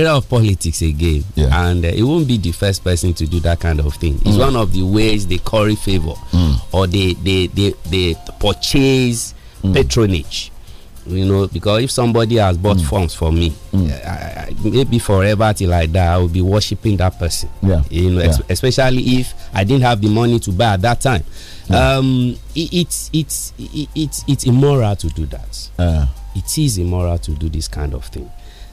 area of politics again, yeah. and uh, it won't be the first person to do that kind of thing. It's mm. one of the ways they curry favor mm. or they they they, they purchase mm. patronage. You know, because if somebody has bought mm. forms for me, mm. I, I, maybe forever till like that, I will be worshiping that person. Yeah. You know, yeah. especially if I didn't have the money to buy at that time. Um, it, it's it's it's it's immoral to do that. Uh. It is immoral to do this kind of thing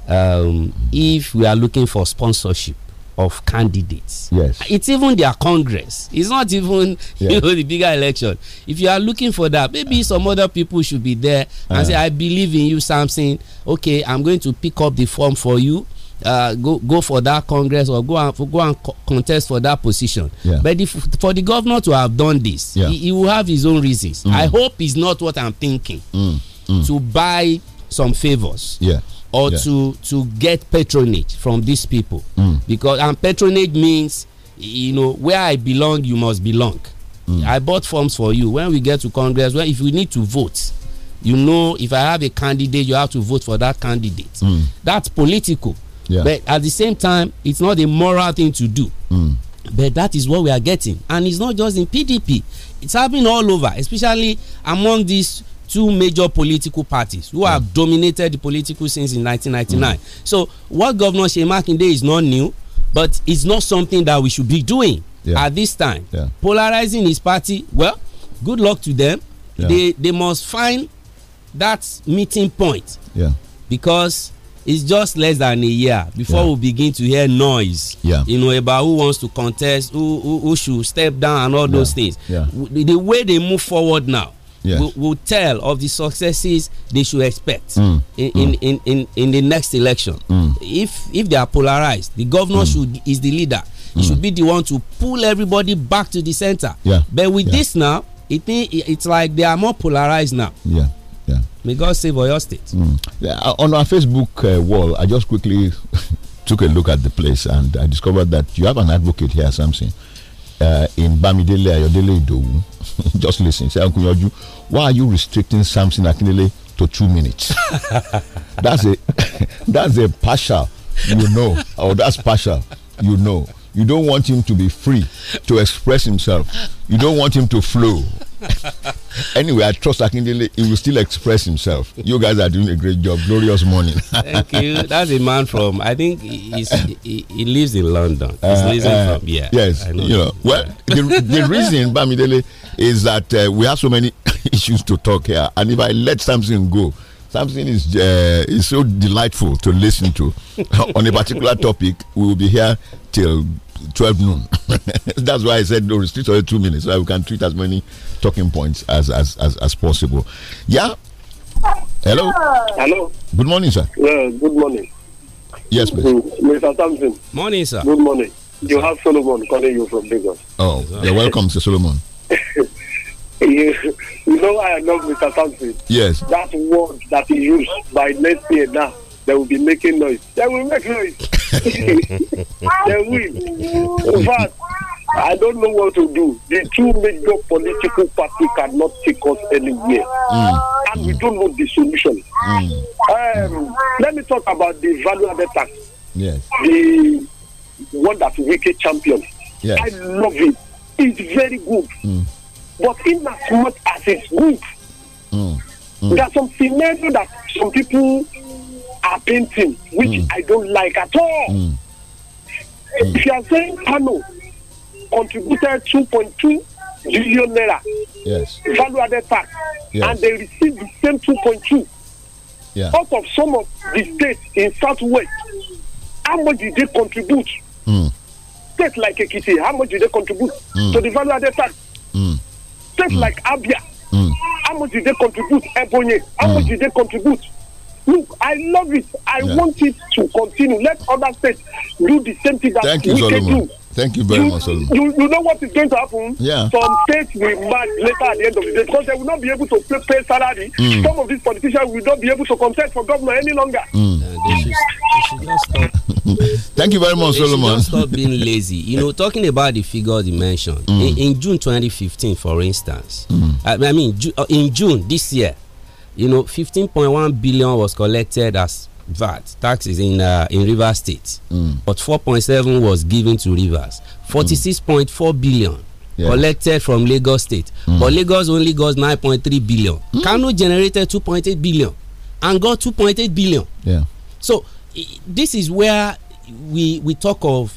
um, if we are looking for sponsorship of candidates. Yes. It's even their congress. It's not even yeah. you know the bigger election. If you are looking for that, maybe some other people should be there and uh, say, I believe in you, Something. Okay, I'm going to pick up the form for you. Uh, go go for that congress or go and go and co contest for that position. Yeah. But if, for the governor to have done this, yeah. he, he, will have his own reasons. Mm. I hope it's not what I'm thinking mm. Mm. to buy some favors. Yeah or yeah. to to get patronage from these people mm. because and patronage means you know where i belong you must belong mm. i bought forms for you when we get to congress well if we need to vote you know if i have a candidate you have to vote for that candidate mm. that's political yeah. but at the same time it's not a moral thing to do mm. but that is what we are getting and it's not just in pdp it's happening all over especially among these two major political parties who have dominated the political scene in 1999. Mm. So what Governor Day is not new, but it's not something that we should be doing at this time. Polarizing his party, well, good luck to them. They they must find that meeting point. Yeah. Because it's just less than a year before yeah. we begin to hear noise. Yeah. You know about who wants to contest, who who, who should step down, and all yeah. those things. Yeah. The, the, way they move forward now, yes. will, will tell of the successes they should expect mm. In, mm. in, In, in, the next election. Mm. If if they are polarized, the governor mm. should is the leader. He should mm. be the one to pull everybody back to the center. Yeah. But with yeah. this now, it it's like they are more polarized now. Yeah. Yeah. May God save Oyo State. Mm. Yeah, uh, on our Facebook uh, wall, I just quickly took a look at the place and I discovered that you have an advocate here, Samson, uh, in Bamidele Ayodele Idowu just listen. Say, Uncle Yoju, why are you restricting Samson Akinele to two minutes? that's a that's a partial, you know, or that's partial, you know. You don't want him to be free to express himself. You don't want him to flow. anyway, I trust Akindele, he will still express himself. You guys are doing a great job. Glorious morning. Thank you. That's a man from, I think he, he, lives in London. He's uh, living uh, from, yeah. Yes. Know you know, well, the, the reason, Bamidele, is that uh, we have so many issues to talk here. And if I let something go, something is uh, is so delightful to listen to on a particular topic. We will be here till 12 noon. That's why I said no restrict only two minutes so we can treat as many talking points as as as, as possible. Yeah. Hello. Hello. Good morning, sir. Yeah, good morning. Yes, please. Mr. Thompson. Morning, sir. Good morning. You have Solomon calling you from Lagos. Oh, yes, you're welcome, Mr. Solomon. you, you know I love Mr. Thompson. Yes. That word that he used by next year now, they will be making noise. They will make noise. they will. In fact, I don't know what to do. The two major political parties cannot take us anywhere. Mm. And mm. we don't know the solution. Hmm. Um, let me talk about the value added tax. Yes. The one that wicked champion. Yes. I love it. It's very good. Hmm. But in as much as it's good, hmm. there are some scenarios that some people are painting, which I don't like at all. If you are saying, "I know." contributed 2.2 billion naira. Yes. Value added tax. Yes. And they received the same 2.2. Yeah. Out of some of the states in Southwest, how much did they contribute? Mm. States like Ekiti, how much did they contribute mm. to the value added tax? Mm. States mm. like Abia, hmm. how much did they contribute? Ebonyi, how hmm. much did they contribute? look i love it i yeah. want it to continue let other states do the same thing that Thank we can do Thank you very you, much. You, you know what is going to happen? Yeah. Some states will match later at the end of the day because they will not be able to pay, pay salary. Mm. Some of these politicians will not be able to contest for government any longer. Mm. you very much, they Solomon. Stop being lazy. You know, talking about the figure you mentioned mm. in, in, June 2015, for instance. Mm. I, I mean, uh, in June this year, you know, 15.1 billion was collected as VAT taxes in uh, in River State, mm. but 4.7 was given to Rivers. 46.4 billion yeah. collected from Lagos State, mm. but Lagos only got 9.3 billion. Mm. Kano generated 2.8 billion and got 2.8 billion. Yeah. So this is where we we talk of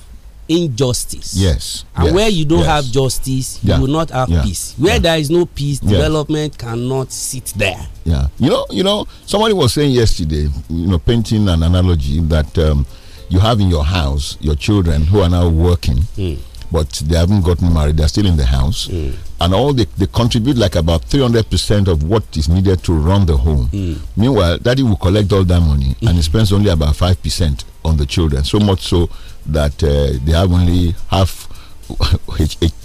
injustice. Yes. And yes, where you don't yes. have justice, yeah. you will not have yeah. peace. Where yeah. there is no peace, development cannot sit there. Yeah. You know, you know, somebody was saying yesterday, you know, painting an analogy that um, you have in your house your children who are now working. Mm but they haven't gotten married. They're still in the house, mm. and all they, they contribute like about three hundred percent of what is needed to run the home. Mm. Meanwhile, daddy will collect all that money, and he spends only about five percent on the children. So much so that uh, they have only half.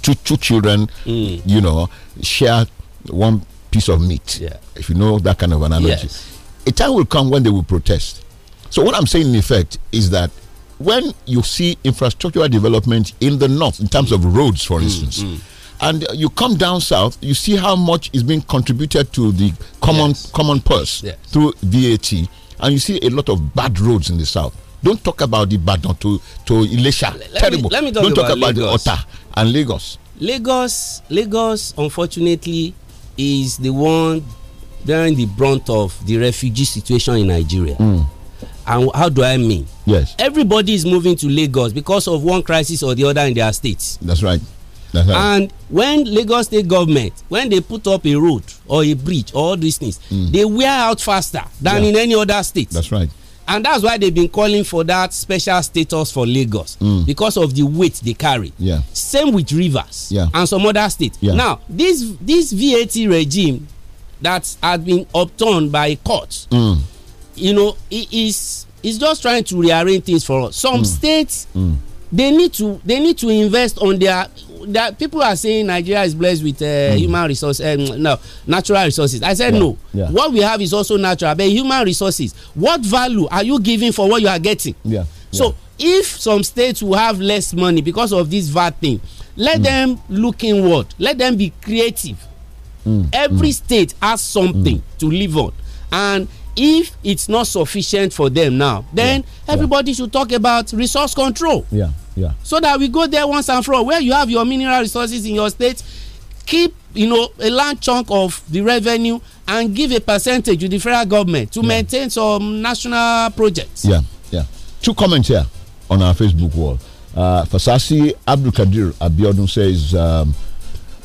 two, two children, hmm. you know, share one piece of meat. Yeah. If you know that kind of analogy, yes. a time will come when they will protest. So what I'm saying in effect is that when you see infrastructural development in the north, in terms of roads, for mm, instance, mm, mm. and you come down south, you see how much is being contributed to the common yes. common purse yes. through VAT, and you see a lot of bad roads in the south. Don't talk about the bad to to Ilesha. Let Terrible. Me, let me talk Don't about talk about Lagos. the Ota and Lagos. Lagos, Lagos, unfortunately, is the one bearing the brunt of the refugee situation in Nigeria. Mm and how do I mean? Yes. Everybody is moving to Lagos because of one crisis or the other in their states. That's right. That's right. And when Lagos state government, when they put up a road or a bridge or all these things, mm. they wear out faster than yeah. in any other state. That's right. And that's why they've been calling for that special status for Lagos mm. because of the weight they carry. Yeah. Same with Rivers yeah. and some other states. Yeah. Now, this this VAT regime that has been upturned by courts. Mm you know he is he's just trying to rearrange things for us some mm. states mm. they need to they need to invest on their that people are saying nigeria is blessed with uh, mm. human resources um, no natural resources i said yeah. no yeah. what we have is also natural but human resources what value are you giving for what you are getting yeah. so if some states will have less money because of this vat thing let mm. them look inward let them be creative mm. every mm. state has something to live on and if it's not sufficient for them now then yeah, everybody yeah. should talk about resource control yeah yeah so that we go there once and for all where you have your mineral resources in your state keep you know a large chunk of the revenue and give a percentage to the federal government to yeah. maintain some national projects yeah yeah two comments here on our facebook wall uh fasasi Kadir abiodun says um,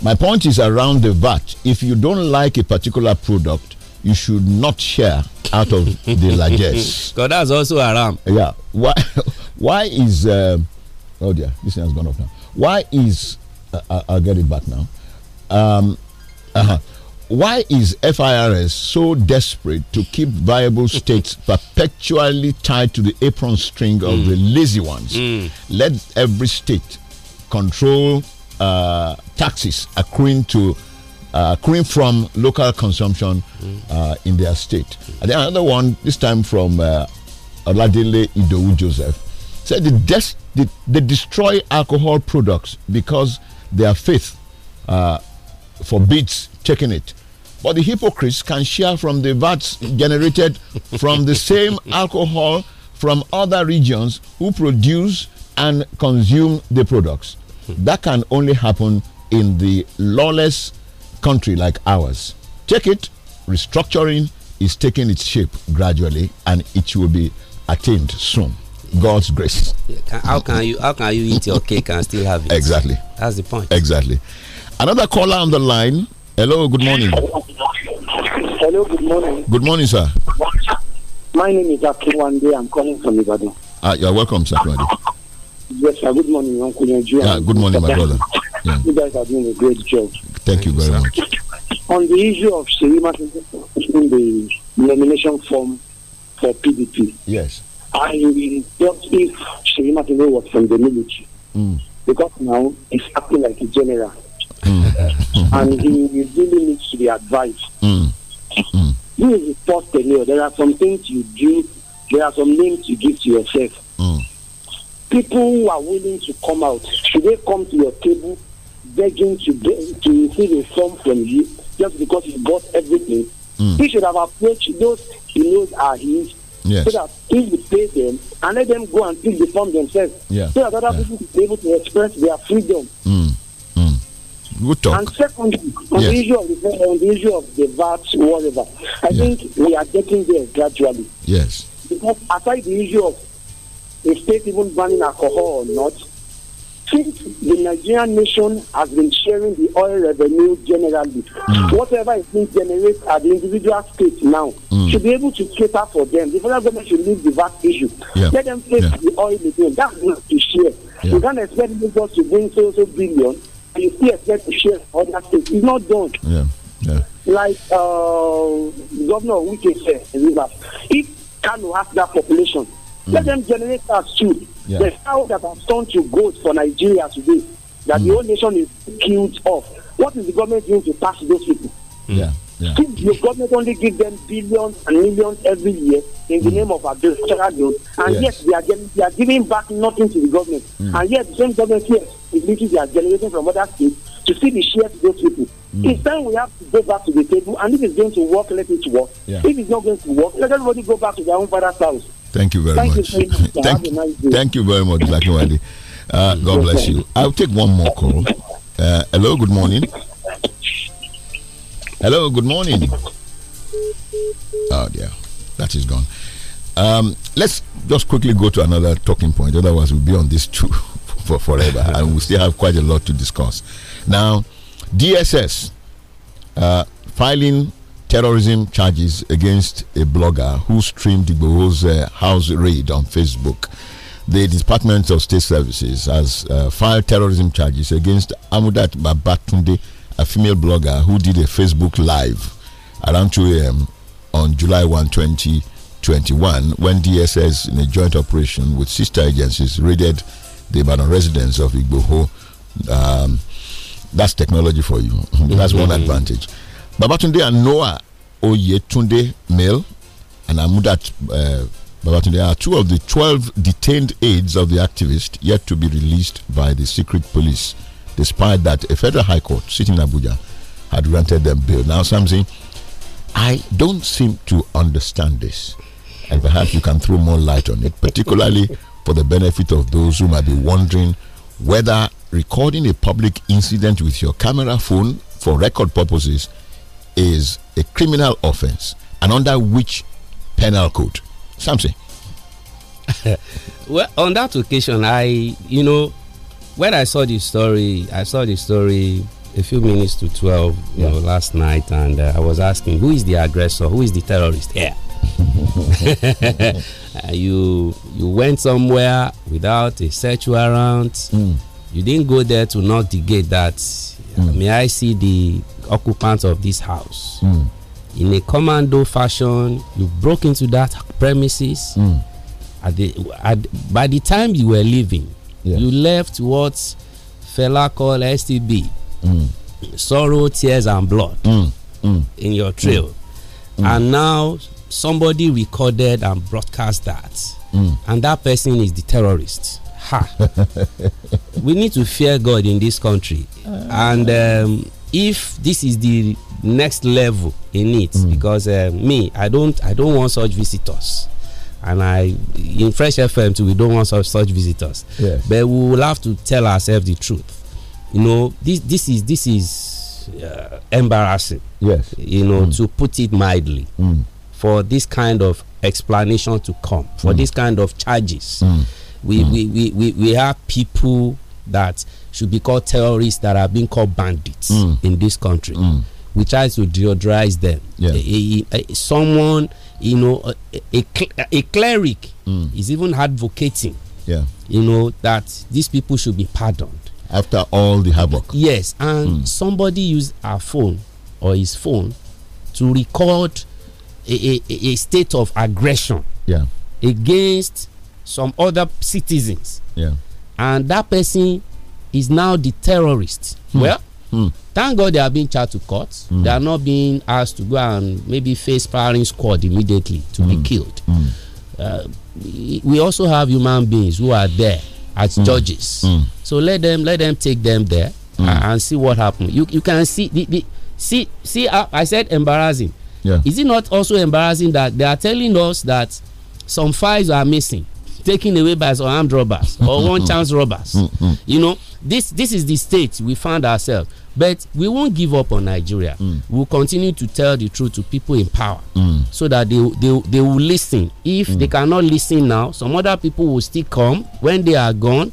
my point is around the vat if you don't like a particular product you should not share out of the largesse. Because that's also haram. Yeah. Why? Why is? Uh, oh dear, this thing has gone off now. Why is? Uh, uh I'll get it back now. Um, uh -huh. Why is FIRS so desperate to keep viable states perpetually tied to the apron string of mm. the lazy ones? Mm. Let every state control uh, taxes according to uh, coming from local consumption mm. uh, in their state. And then another one, this time from uh, Oladile Idowu Joseph, said they, des- they, they, destroy alcohol products because their faith uh, forbids taking it. But the hypocrites can share from the vats generated from the same alcohol from other regions who produce and consume the products. Hmm. That can only happen in the lawless country like ours. Take it, restructuring is taking its shape gradually and it will be attained soon. God's grace. How can you how can you eat your cake and still have it? Exactly. That's the point. Exactly. Another caller on the line. Hello, good morning. Hello, good morning. Good morning, sir. My name is Akinwande. I'm calling from Ibadan. Ah, you're welcome, sir. Yes, sir. Good morning, Uncle Nigeria. Yeah, good morning, my brother. Yeah. You guys are doing a great job. Thank, you very much. On the issue of Serima in the nomination form for PDP. Yes. I thought if Serima was from the military, mm. because now he's acting like a general. Mm. and he really needs to be advised. Mm. Mm. This is the first tenure. There are some things you do, there are some names you give to yourself. Hmm. People who are willing to come out, should they come to your table begging to get, to receive a sum from you just because he got everything. Mm. He should have approached those he knows are his. Yes. So that he will pay them and let them go and pick the form themselves. Yeah. So that other yeah. people will be able to express their freedom. Mm. Mm. Good talk. And secondly, on, yes. the issue of the, on the issue of the VAT, whatever, I yeah. think we are getting there gradually. Yes. Because aside the issue of the state even banning alcohol or not, since the Nigerian nation has been sharing the oil revenue generally, mm. whatever is being generated at the individual state now mm. should be able to cater for them. The federal government should leave the VAT issue. Yeah. Let them face yeah. the oil again. That's not to share. Yeah. You can't expect people to bring so so billion and you still expect to share other states. It's not done. Yeah. Yeah. Like uh, Governor Wike said, if Kano has that population, mm. let hmm. them generate that too yeah. The sound that has turned to gold for Nigeria today, that mm. the whole nation is killed off. What is the government doing to pass those people? Mm. Yeah. yeah. Still, the government only give them billions and millions every year in the mm. name of agricultural growth, and yes. yet they are, getting, they are giving back nothing to the government. Mm. And yet the same government here is literally they are generating from other states to see the share to those people. Mm. It's time we have to go back to the table, and if it's going to work, let it work. Yeah. If it's not going to work, let everybody go back to their own father's house. Thank you very Thank much. You very much. Thank, nice Thank, you very much, Zakiwale. Uh, God bless you. I'll take one more call. Uh, hello, good morning. Hello, good morning. Oh dear, that is gone. Um, let's just quickly go to another talking point. Otherwise, we'll be on this too for forever, and we will still have quite a lot to discuss. Now, DSS uh, filing terrorism charges against a blogger who streamed Igbo's uh, house raid on Facebook. The Department of State Services has uh, filed terrorism charges against Amudat Babatunde, a female blogger who did a Facebook Live around 2 a.m. on July 1, 2021, when DSS, in a joint operation with sister agencies, raided the Ibadan residence of Igboho. Um, that's technology for you. that's one mm-hmm. advantage. Babatunde and Noah Oyetunde Mill and Amudat uh, eh, Babatunde are two of the 12 detained aides of the activist yet to be released by the secret police, despite that a federal high court sitting in Abuja had granted them bail. Now, something I don't seem to understand this, and perhaps you can throw more light on it, particularly for the benefit of those who might be wondering whether recording a public incident with your camera phone for record purposes is a criminal offense and under which penal code? Something. well, on that occasion, I, you know, when I saw the story, I saw the story a few minutes to 12, you yeah. know, last night, and uh, I was asking, who is the aggressor? Who is the terrorist here? Yeah. you you went somewhere without a search warrant. Mm. You didn't go there to knock the gate that mm. may I see the occupants of this house. Mm. In a commando fashion, you broke into that premises. Mm. At the, at, by the time you were leaving, yes. you left what fella called STB, mm. sorrow, tears, and blood hmm. Hmm. in your trail. Hmm. And now somebody recorded and broadcast that, and that person is the terrorist. Ha! we need to fear God in this country, ah. and. Um, if this is the next level in it mm. because uh, me i don't i don't want such visitors and i in fresh fm too we don't want such such visitors yes. but we will have to tell ourselves the truth you know this this is this is uh, embarrassing yes you know mm. to put it mildly mm. for this kind of explanation to come for mm. this kind of charges mm. we, mm. we, we we we have people that should be called terrorists that are being called bandits mm. in this country. Mm. We try to deodorize them. Yeah. A, a, a, someone, you know, a, a, cleric mm. is even advocating, yeah. you know, that these people should be pardoned. After all the havoc. Yes, and mm. somebody used our phone or his phone to record a, a, state of aggression yeah. against some other citizens. Yeah. And that person is now the terrorist. Hmm. Well, hmm. thank God they are being charged to court. Hmm. They are not being asked to go and maybe face firing squad immediately to be killed. Uh, we also have human beings who are there as judges. So let them let them take them there and, and see what happens. You you can see the, the see see uh, I said embarrassing. Yeah. Is it not also embarrassing that they are telling us that some files are missing? taken away by some armed robbers or one chance robbers. you know, this this is the state we found ourselves but we won't give up on nigeria mm. we'll continue to tell the truth to people in power mm. so that they, they they will listen if mm. they cannot listen now some other people will still come when they are gone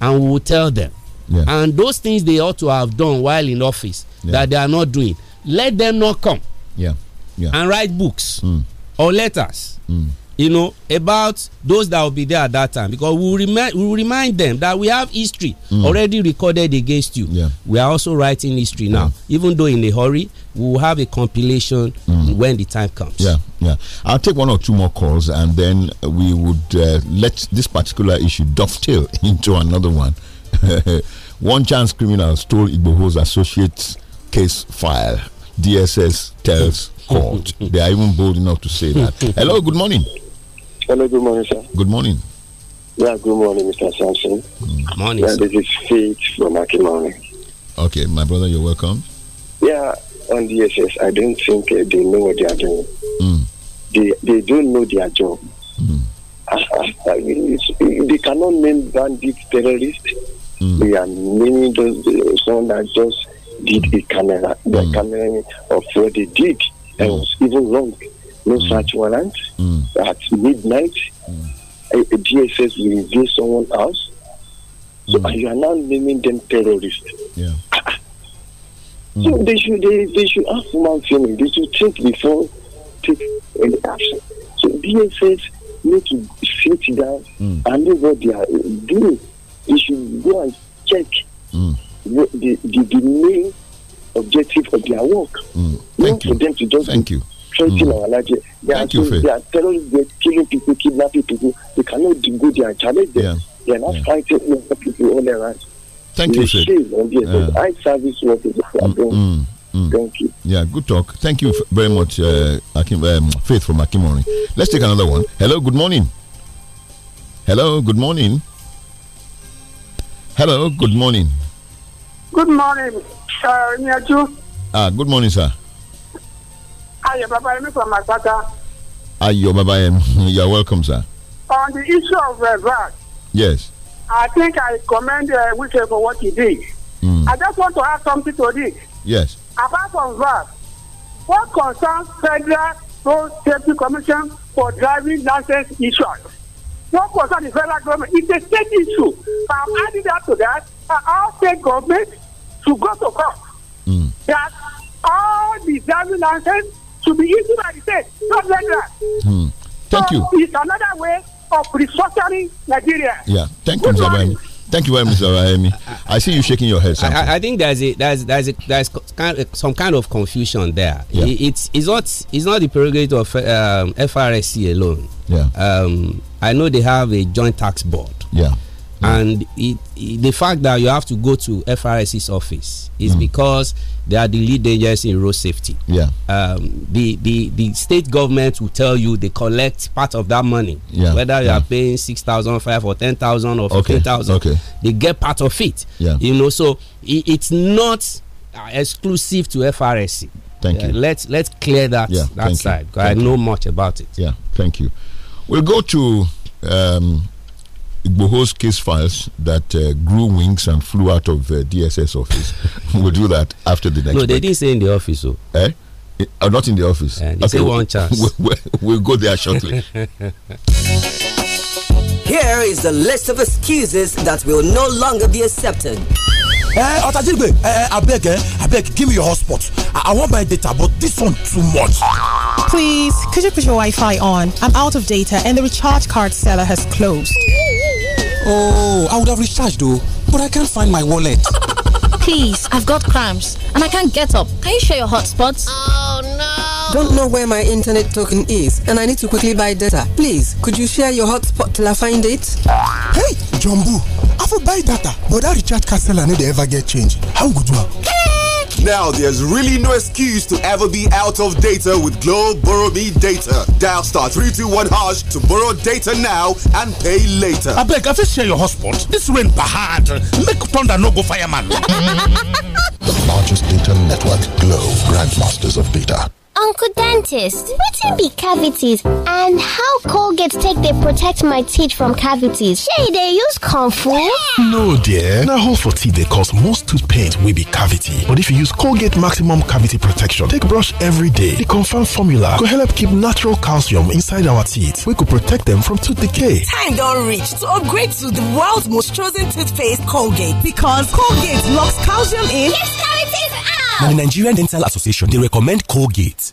and we will tell them yeah. and those things they ought to have done while in office yeah. that they are not doing let them not come yeah. yeah. and write books mm. or letters mm you know about those that will be there at that time because we will remind we will remind them that we have history mm. already recorded against you yeah. we are also writing history yeah. now even though in a hurry we will have a compilation mm. when the time comes yeah yeah i'll take one or two more calls and then we would uh, let this particular issue dovetail into another one one chance criminal stole igboho's associates case file dss tells court they are even bold enough to say that hello good morning Hello, good morning, sir. Good morning. Yeah, good morning, Mr. Sampson. Mm. Good Morning. Yeah, sir. this is Faith from Akimani. Okay, my brother, you're welcome. Yeah, on the SS, I don't think uh, they know what they are doing. Mm. They, they don't know their job. Mm. Ah, ah, ah, I mean, they cannot name bandits terrorists. Mm. They are naming those uh, someone that just did a camera, the mm. camera of what they did, and mm. was even wrong no mm. search warrant. Mm. At midnight, mm. a, a DSS will reveal someone else. So mm. you are now naming them terrorists. Yeah. So mm. they should they, they should have human feeling. They should think before take any action. So DSS need to sit down mm. and know what they are doing. They should go and check mm. the, the, the main objective of their work. Mm. Thank Not you. for them to just Thank you tracing mm. our lives. They Thank are, you, they are terrorists, they're killing people, kidnapping people. They cannot go there and challenge them. Yeah. They're not yeah. fighting people all around. Thank you, Fred. Yeah. I service what mm, is mm, mm, Thank you. Yeah, good talk. Thank you very much, uh, Akim, um, Faith from Akimori. Let's take another one. Hello, good morning. Hello, good morning. Hello, good morning. Good morning, sir. Ah, good morning, sir. Ayo Me from Masaka. Ayo Babayemi, you're welcome, sir. On the issue of uh, VAT. Yes. I think I commend uh, Wike for what he did. Mm. I just want to add something to this. Yes. Apart from that, what concerns Federal Road Safety Commission for driving license issues? What concerns the federal government? It's a state issue. I'm adding that to that. I uh, all state governments should go to court. Mm. That all the driving license to be eaten by the state, not laborers. Hmm. Thank so you. It's another way of restructuring Nigeria. Yeah, thank Good you, Mr. Thank you very much, Mr. I see you shaking your head. I, I, think there's a there's there's a, there's kind of, some kind of confusion there. Yeah. it's it's not it's not the prerogative of um, FRSC alone. Yeah. Um, I know they have a joint tax board. Yeah and it, it, the fact that you have to go to FRS's office is mm. because they are the lead dangers in road safety. Yeah. Um, the, the the state government will tell you they collect part of that money. Yeah. Whether you yeah. are paying six thousand five or ten thousand or fifteen thousand, okay. okay. they get part of it. Yeah. You know, so it, it's not uh, exclusive to FRSC. Thank you. Uh, let's let's clear that yeah, that side. I know much about it. Yeah. Thank you. We'll go to. Um, Igboho's case files that uh, grew wings and flew out of the uh, DSS office. we'll do that after the next. No, break. they didn't say in the office, so. Eh? It, uh, eh, oh, not in the office. Yeah, okay, one chance. We, we, we'll go there shortly. Here is the list of excuses that will no longer be accepted. Eh, eh, eh, I otajigbe eh abeg beg, abeg give me your hotspot i want my data but this one too much please could you put your wi-fi on i'm out of data and the recharge card seller has closed oh i would have recharged though but i can't find my wallet please i've got cramps and i can't get up can you share your hotspots oh no don't know where my internet token is and I need to quickly buy data. Please, could you share your hotspot till I find it? Hey, Jumbo, I will buy data, but that Richard Castle I need to ever get change. How good you now there's really no excuse to ever be out of data with Globe. Borrow Me Data. Dial star 321 hash to borrow data now and pay later. I beg, I you share your hotspot. This rain bahad. Make thunder no go fireman. the largest data network, Globe. grandmasters of data. Uncle Dentist, wetin be cavities and how Colgate take they protect my teeth from cavities? Shey they use comfort? No dear, Now, hole for teeth they cause most tooth pains will be cavity. But if you use Colgate maximum cavity protection take brush every day, the confirmed formula go help keep natural calcium inside our teeth We could protect them from tooth decay. Time don't reach to upgrade to the world's most chosen toothpaste Colgate because Colgate locks calcium in. Yes, cavities out! Now the Nigerian Dental Association, they recommend Colgate.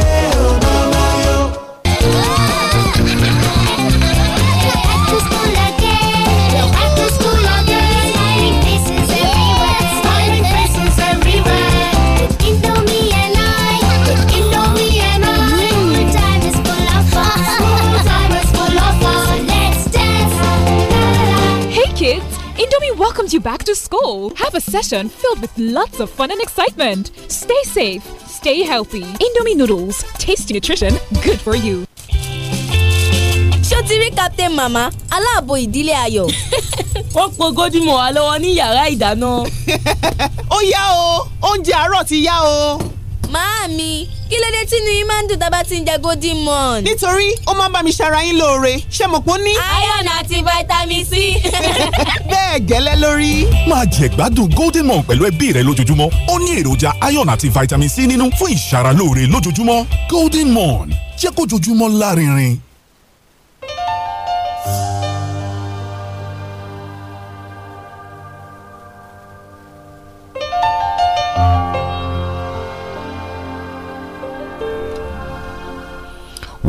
welcomes you back to school. Have a session filled with lots of fun and excitement. Stay safe, stay healthy. Indomie noodles, tasty nutrition, good for you. ṣó captain mama aláàbò ìdílé ayọ̀. wọ́n po gódìmọ̀ wa lọ́wọ́ ní yàrá ìdáná. ó yá o oúnjẹ àárọ̀ ti yá o. Màámi, kí ló dé tí ni máa ń dùn tá ti ń jẹ golden morn? Nítorí ó máa ń bá mi ṣara yín lóore, ṣé mo pọ́n ní? Iron àti vitamin C. Bẹ́ẹ̀ gẹ́lẹ́ lórí. Máa jẹ gbádùn golden morn pẹ̀lú ẹbí rẹ lójoojúmọ́. Ó ní èròjà iron àti vitamin C nínú fún ìṣara lóore lójoojúmọ́. Golden morn, jẹ́ kójoojúmọ́ lárinrin.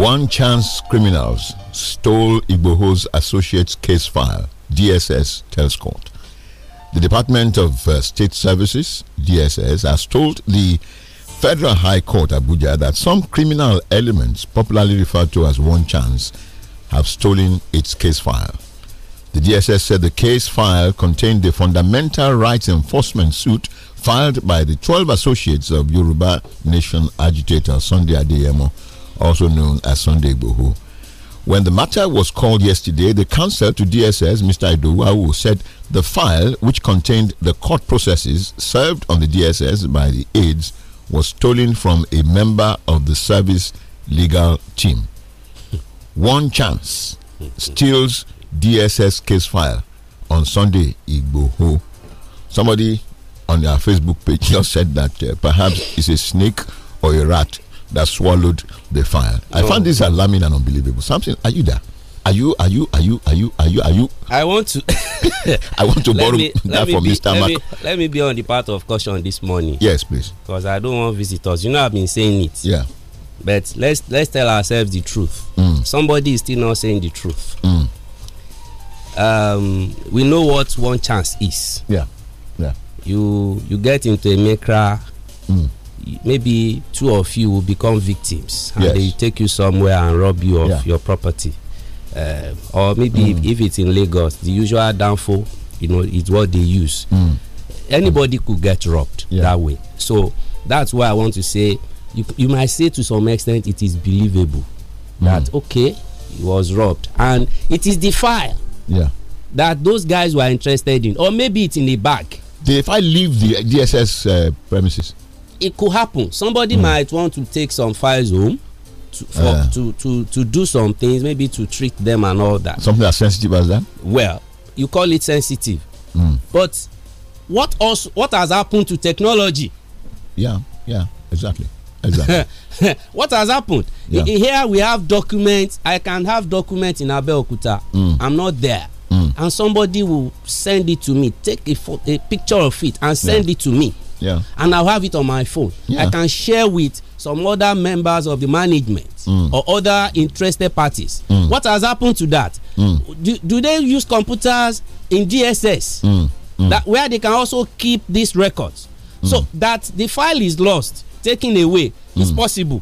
One chance criminals stole Igboho's associate's case file, DSS tells court. The Department of uh, State Services, DSS, has told the Federal High Court Abuja that some criminal elements, popularly referred to as one chance, have stolen its case file. The DSS said the case file contained the fundamental rights enforcement suit filed by the 12 associates of Yoruba Nation agitator Sunday Adeyemo also known as Sunday Boho. When the matter was called yesterday, the counsel to DSS, Mr. Idowu, said the file, which contained the court processes served on the DSS by the aides, was stolen from a member of the service legal team. One chance steals DSS case file on Sunday Igboho. Somebody on their Facebook page just said that uh, perhaps it's a snake or a rat that swallowed the fire. I found this alarming and unbelievable. Something, are you there? Are you, are you, are you, are you, are you, are you? I want to. I want to borrow me, that from be, Mr. Let me, let me be on the part of caution this morning. Yes, please. Because I don't want visitors. You know, I've been saying it. Yeah. But let's let's tell ourselves the truth. Mm. Somebody is still not saying the truth. Mm. Um, we know what one chance is. Yeah. Yeah. You you get into a micra. Mm maybe two of you will become victims and yes. they take you somewhere and rob you of yeah. your property. Uh, or maybe mm. if, if, it's in Lagos, the usual downfall, you know, is what they use. Mm. Anybody mm. could get robbed yeah. that way. So that's why I want to say you, you might say to some extent it is believable hmm. that, okay, he was robbed. And it is the file yeah. that those guys were interested in. Or maybe it's in the bag. If I leave the DSS uh, premises, it could happen. Somebody mm. might want to take some files home to, for, uh, to, to, to do some things, maybe to treat them and all that. Something as sensitive as that? Well, you call it sensitive. Mm. But what also what has happened to technology? Yeah, yeah, exactly. Exactly. what has happened? Yeah. Here we have documents. I can have documents in Abeokuta. Mm. I'm not there. Mm. And somebody will send it to me, take a, a picture of it and send yeah. it to me. Yeah. And I have it on my phone. Yeah. I can share with some other members of the management mm. or other interested parties. Mm. What has happened to that? Mm. Do, do they use computers in DSS mm. mm. that where they can also keep these records? Mm. So that the file is lost, taken away, is possible.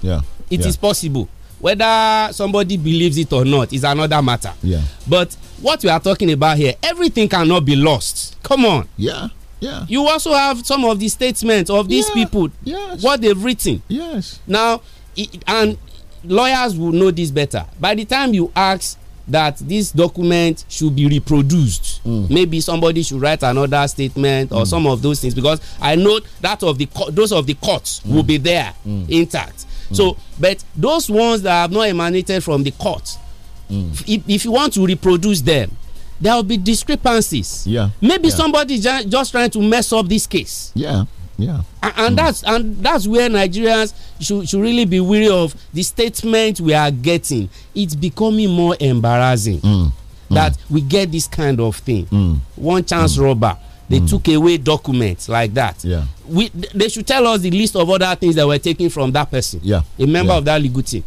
Yeah. It yeah. is possible. Whether somebody believes it or not is another matter. Yeah. But what we are talking about here, everything cannot be lost. Come on. Yeah yeah. You also have some of the statements of these yeah. people. Yes. What they've written. Yes. Now, it, and lawyers will know this better. By the time you ask that this document should be reproduced. Mm. Maybe somebody should write another statement or mm. some of those things because I know that of the those of the courts mm. will be there hmm. intact. Hmm. So, but those ones that have not emanated from the court, hmm. if, if you want to reproduce them, there will be discrepancies. Yeah. Maybe yeah. somebody just trying to mess up this case. Yeah. Yeah. And, mm. that's and that's where Nigerians should, should really be wary of the statement we are getting. It's becoming more embarrassing mm. that mm. we get this kind of thing. Mm, One chance mm. robber. They mm. took away documents like that. Yeah. We they should tell us the list of other things that were taken from that person. Yeah. A member yeah. of that legal team.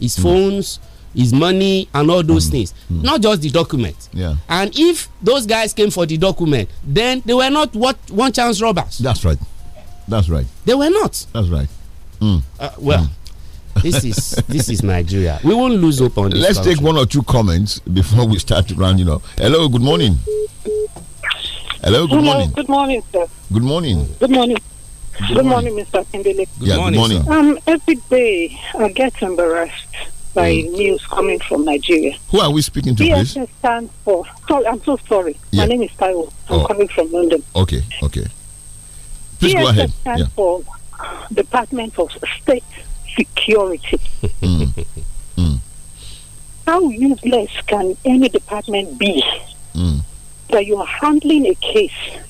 His phones his money and all those mm. things mm. not just the document yeah. and if those guys came for the document then they were not what one chance robbers that's right that's right they were not that's right mm. uh, well mm. this is this is nigeria we won't lose hope on this let's country. take one or two comments before we start rounding up hello good morning hello good hello, morning good morning sir good morning good morning Good, good morning. Mr. Kindele. Good yeah, Good morning. Um, every day I get embarrassed by mm. news coming from Nigeria. Who are we speaking to, BSS please? stands for. Sorry, I'm so sorry. Yeah. My name is Taiwo. I'm oh. coming from London. Okay, okay. Please BSS go ahead. stands yeah. for Department of State Security. mm. Mm. How useless can any department be mm. that you are handling a case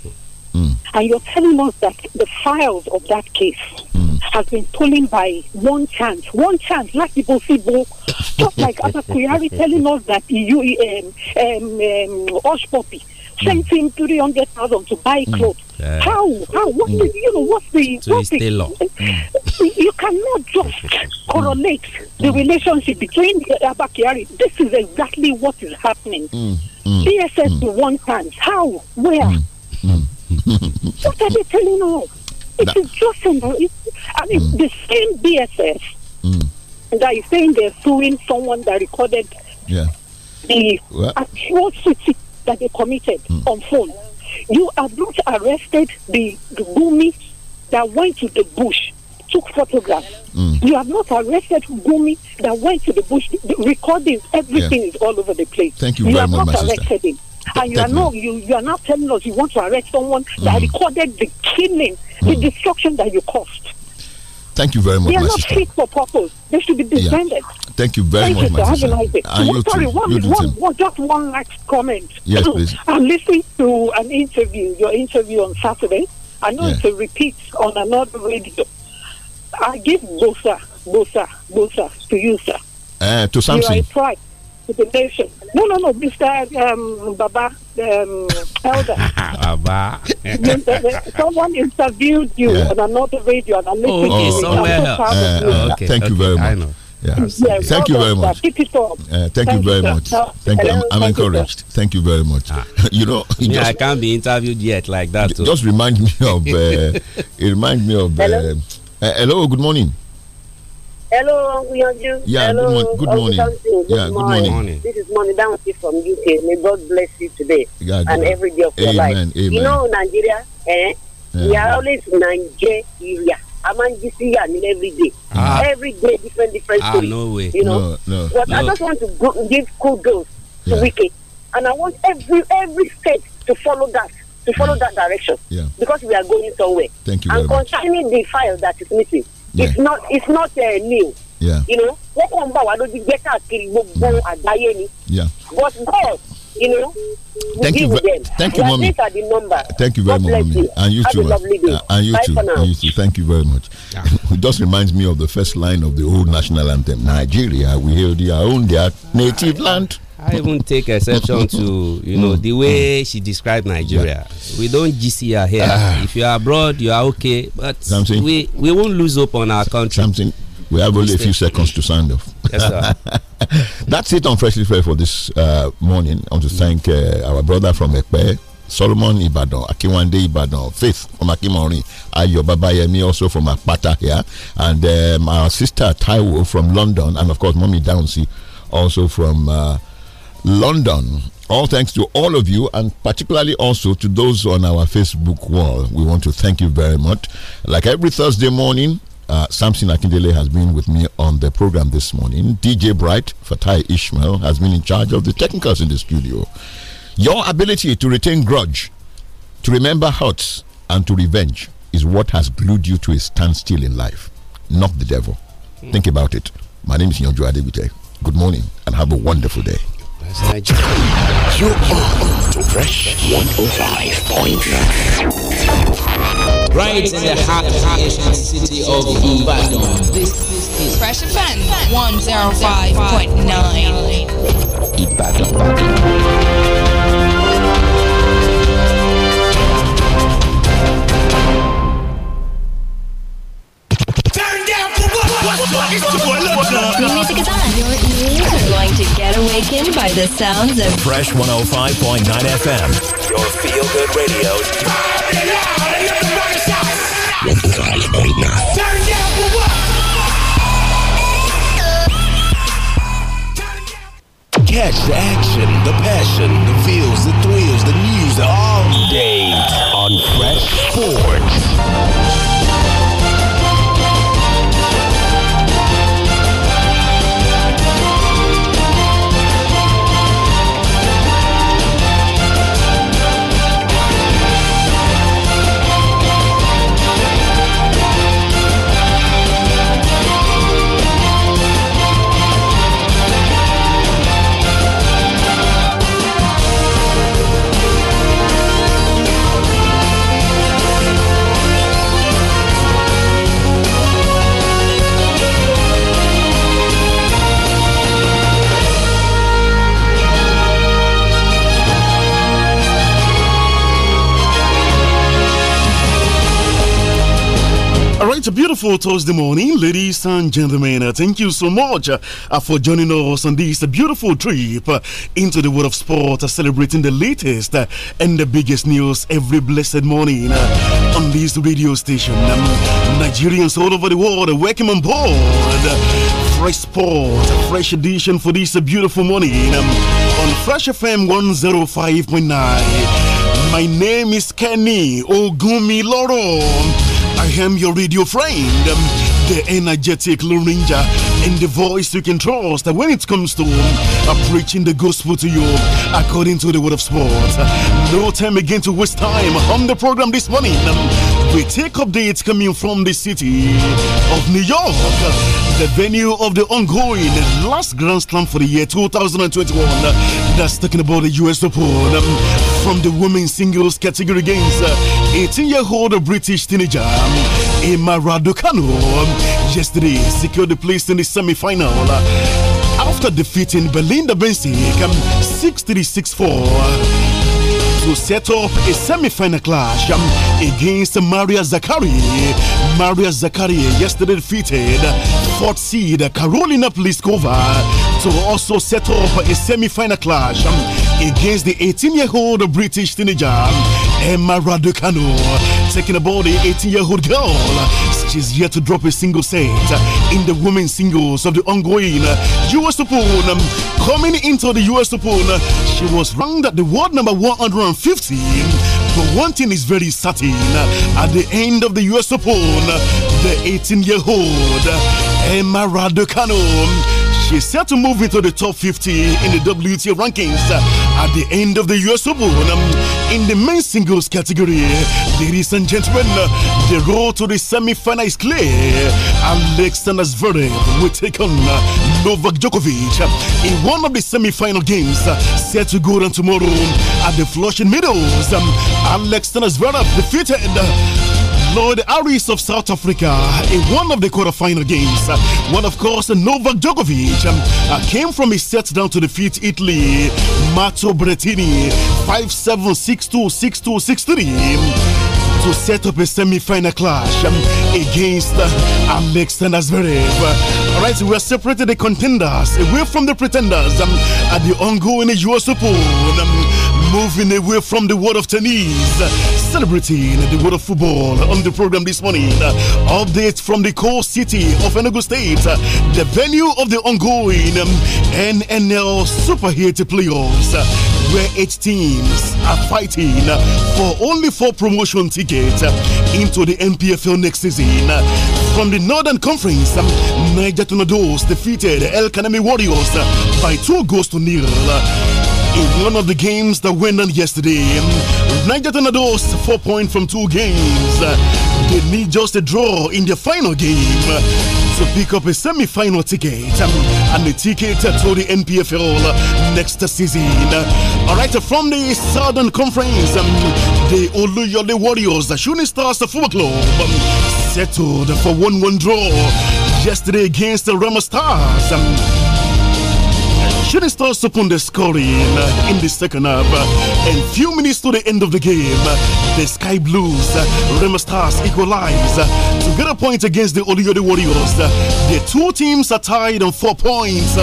Mm. And you're telling us that the files of that case mm. has been stolen by one chance, one chance, like the Bosibo, just like Abba Kuyari telling us that you, um, um, um, Osh Poppy sent mm. him 300,000 to buy mm. clothes. how? How? What's mm. the, you know, what's the, so what's the, mm. you cannot just correlate mm. the relationship between the Abakiari. This is exactly what is happening. Mm. Mm. BSS mm. to one chance. How? Where? what are they telling us? It that. is just simple. I mean, mm. the same BSS mm. that is saying they're suing someone that recorded yeah. the well. atrocity that they committed mm. on phone. You have not arrested the, the Gumi that went to the bush, took photographs. Mm. You have not arrested Gumi that went to the bush, the recording, everything yeah. is all over the place. Thank you, you very much, sister. Him and you are not you, you are now telling us you want to arrest someone mm. that recorded the killing, the mm. destruction that you caused. Thank you very much. They are not sister. fit for purpose. They should be disbanded. Yeah. Thank you very Thank much, oh, you, my sister. And one, sorry, one, one, one, just one last comment. Yes, please. I'm listening to an interview, your interview on Saturday. I know yeah. it's a repeat on another radio. I give Bosa, Bosa, Bosa to you, sir. Uh, to Samson. You are a pride to the nation. No, no, no, Mr. Um, Baba, um, Elder. Baba. Someone interviewed you yeah. on another radio and I listened oh, okay, to you. Somewhere so uh, okay, thank you very much. I know. Yeah. Yes, thank, you very, uh, thank, thank you, very much. thank, you very much. Thank you. I'm, I'm encouraged. thank you very much. Ah. you know, yeah, I can't be interviewed yet like that. Just, just remind me of. Uh, it reminds me of. Uh, hello? Uh, hello. Good morning. Hello, Uncle Yonju. Yeah, Hello, good, morning. Good morning. Good yeah, morning. good morning. This is Money Bounty from UK. May God bless you today yeah, and every day of your life. Amen. You know, Nigeria, eh? Yeah. We are always Nigeria. I'm Nigeria every day. Ah. Every day, different, different ah, stories. No way. You know? No, no, but no. I just want to give kudos yeah. to Wiki. And I want every every state to follow that to follow that direction. Yeah. Because we are going somewhere. Thank you. And concerning the file that is missing, yeah. it's not it's not uh, new. Yeah. you know wọ́n kàn ń bà wá lójú jẹ́ káàkiri gbogbo àgbáyé ni. but God you know thank you them. thank you mommy thank you very much mommy and you too ah, ah, and you too and you too thank you very much yeah. it just reminds me of the first line of the old national anthem Nigeria we hail our own their native land. I even take exception to you know the way mm. she described Nigeria. Yeah. We don't GC her here. Ah. if you are abroad, you are okay. But Something. we we won't lose hope on our country. Something. We have only a few seconds to sign off. Yes, That's it on Freshly Fresh for this uh, morning. I want to thank uh, our brother from Ekpe, Solomon Ibadan, Akiwande Ibadan, Faith from Akimori, Ayo Babayemi also from Akpata here, and um, our sister Taiwo from London, and of course, Mommy Downsy also from. Uh, London. All thanks to all of you, and particularly also to those on our Facebook wall. We want to thank you very much. Like every Thursday morning, uh, Samson Akindele has been with me on the program this morning. DJ Bright Fatai Ishmael has been in charge of the technicals in the studio. Your ability to retain grudge, to remember hurts, and to revenge is what has glued you to a standstill in life, not the devil. Mm. Think about it. My name is Nyonjo Adebite. Good morning and have a wonderful day. That's Nigel. You are to Fresh 105.9. Right in the heart of the city of Ibadan. This is Fresh Offense 105.9. Ibadan. by the sounds of Fresh 105.9 FM, your feel good radio. Catch the action, the passion, the feels, the thrills, the news all day on Fresh Sports. All right, a beautiful Thursday morning, ladies and gentlemen. Uh, thank you so much uh, uh for joining us on this beautiful trip uh, into the world of sport, uh, celebrating the latest uh, and the biggest news every blessed morning on this radio station. Um, Nigerians all over the world, welcome on board. Fresh Sport, fresh edition for this beautiful morning um, on Fresh FM 105.9. My name is Kenny Ogumiloro. I am your radio friend. Um, the energetic Lone and the voice you can trust when it comes to uh, preaching the gospel to you according to the word of sports. No time again to waste time on the program this morning. We take updates coming from the city of New York, the venue of the ongoing last Grand Slam for the year 2021. That's talking about the US Open from the women's singles category against 18 year old British teenager. Emma Raducanu yesterday secured the place in the semi final uh, after defeating Belinda Bensik 6 3 6 4 to set up a semi-final clash um, against Maria Zakari. Maria Zakari yesterday defeated fourth seed Karolina Pliskova to also set up a semi-final clash um, against the 18-year-old British teenager Emma Raducanu taking aboard the 18 year old girl. She's yet to drop a single set in the women's singles of the ongoing US Open. Coming into the US Open, she was ranked at the world number 115. But one thing is very certain at the end of the US Open, the 18 year old Emma Raducanu. She's set to move into the top 50 in the WTA rankings at the end of the US Open. in the men's singles category, ladies and gentlemen, the road to the semi-final is clear. Alexander Zverev will take on Novak Djokovic in one of the semi-final games set to go on tomorrow at the Flushing Meadows. Alexander Zverev defeated Lord Harris of South Africa in one of the quarterfinal games. One, of course, Novak Djokovic um, uh, came from a set down to defeat Italy, Matteo Bretini, 5 7 6 2 6 2 6 3 to set up a semi-final clash um, against Alexander Zverev. Uh, all right, we are separating the contenders away from the pretenders um, at the ongoing US Open. Um, moving away from the world of tennis celebrating the world of football on the program this morning. Updates from the coast city of Enugu State, the venue of the ongoing NNL Super Hit Playoffs where eight teams are fighting for only four promotion tickets into the NPFL next season. From the Northern Conference, Niger Tornadoes defeated El Kanemi Warriors by two goals to nil in one of the games that went on yesterday. Niger Tornadoes, four points from two games. They need just a draw in the final game to pick up a semi final ticket and a ticket to the NPFL next season. All right, from the Southern Conference, um, the Oluyole Warriors, the Shooting Stars Football Club, um, settled for 1 1 draw yesterday against the Rama Stars um, Shooting Stars upon the scoring in the second half. And few minutes to the end of the game, the Sky Blues, Rema Stars equalize to get a point against the Oluyode Warriors. The two teams are tied on four points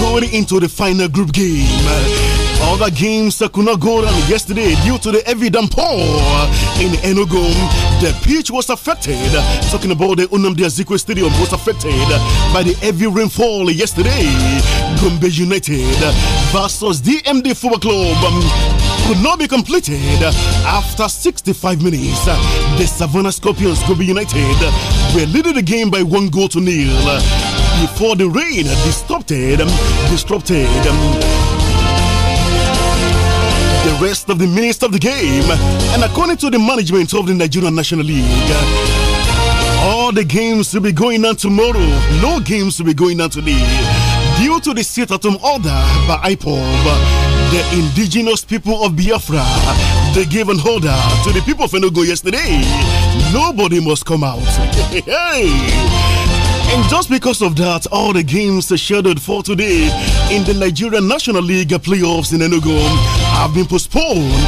going into the final group game. Other games that could not go on yesterday due to the heavy downpour in Enugu. The pitch was affected. Talking about the Unamdi Azikwe Stadium was affected by the heavy rainfall yesterday. Gombe United versus DMD Football Club um, could not be completed after 65 minutes. The Savannah Scorpions Gombe united. were leading the game by one goal to nil. Before the rain disrupted, um, disrupted um, rest of the minutes of the game. And according to the management of the Nigerian National League, all the games will be going on tomorrow. No games will be going on today. Due to the sit at home order by IPOB, the indigenous people of Biafra, they gave an order to the people of Enugu yesterday. Nobody must come out. and just because of that, all the games are scheduled for today in the Nigerian National League playoffs in Enugu have been postponed.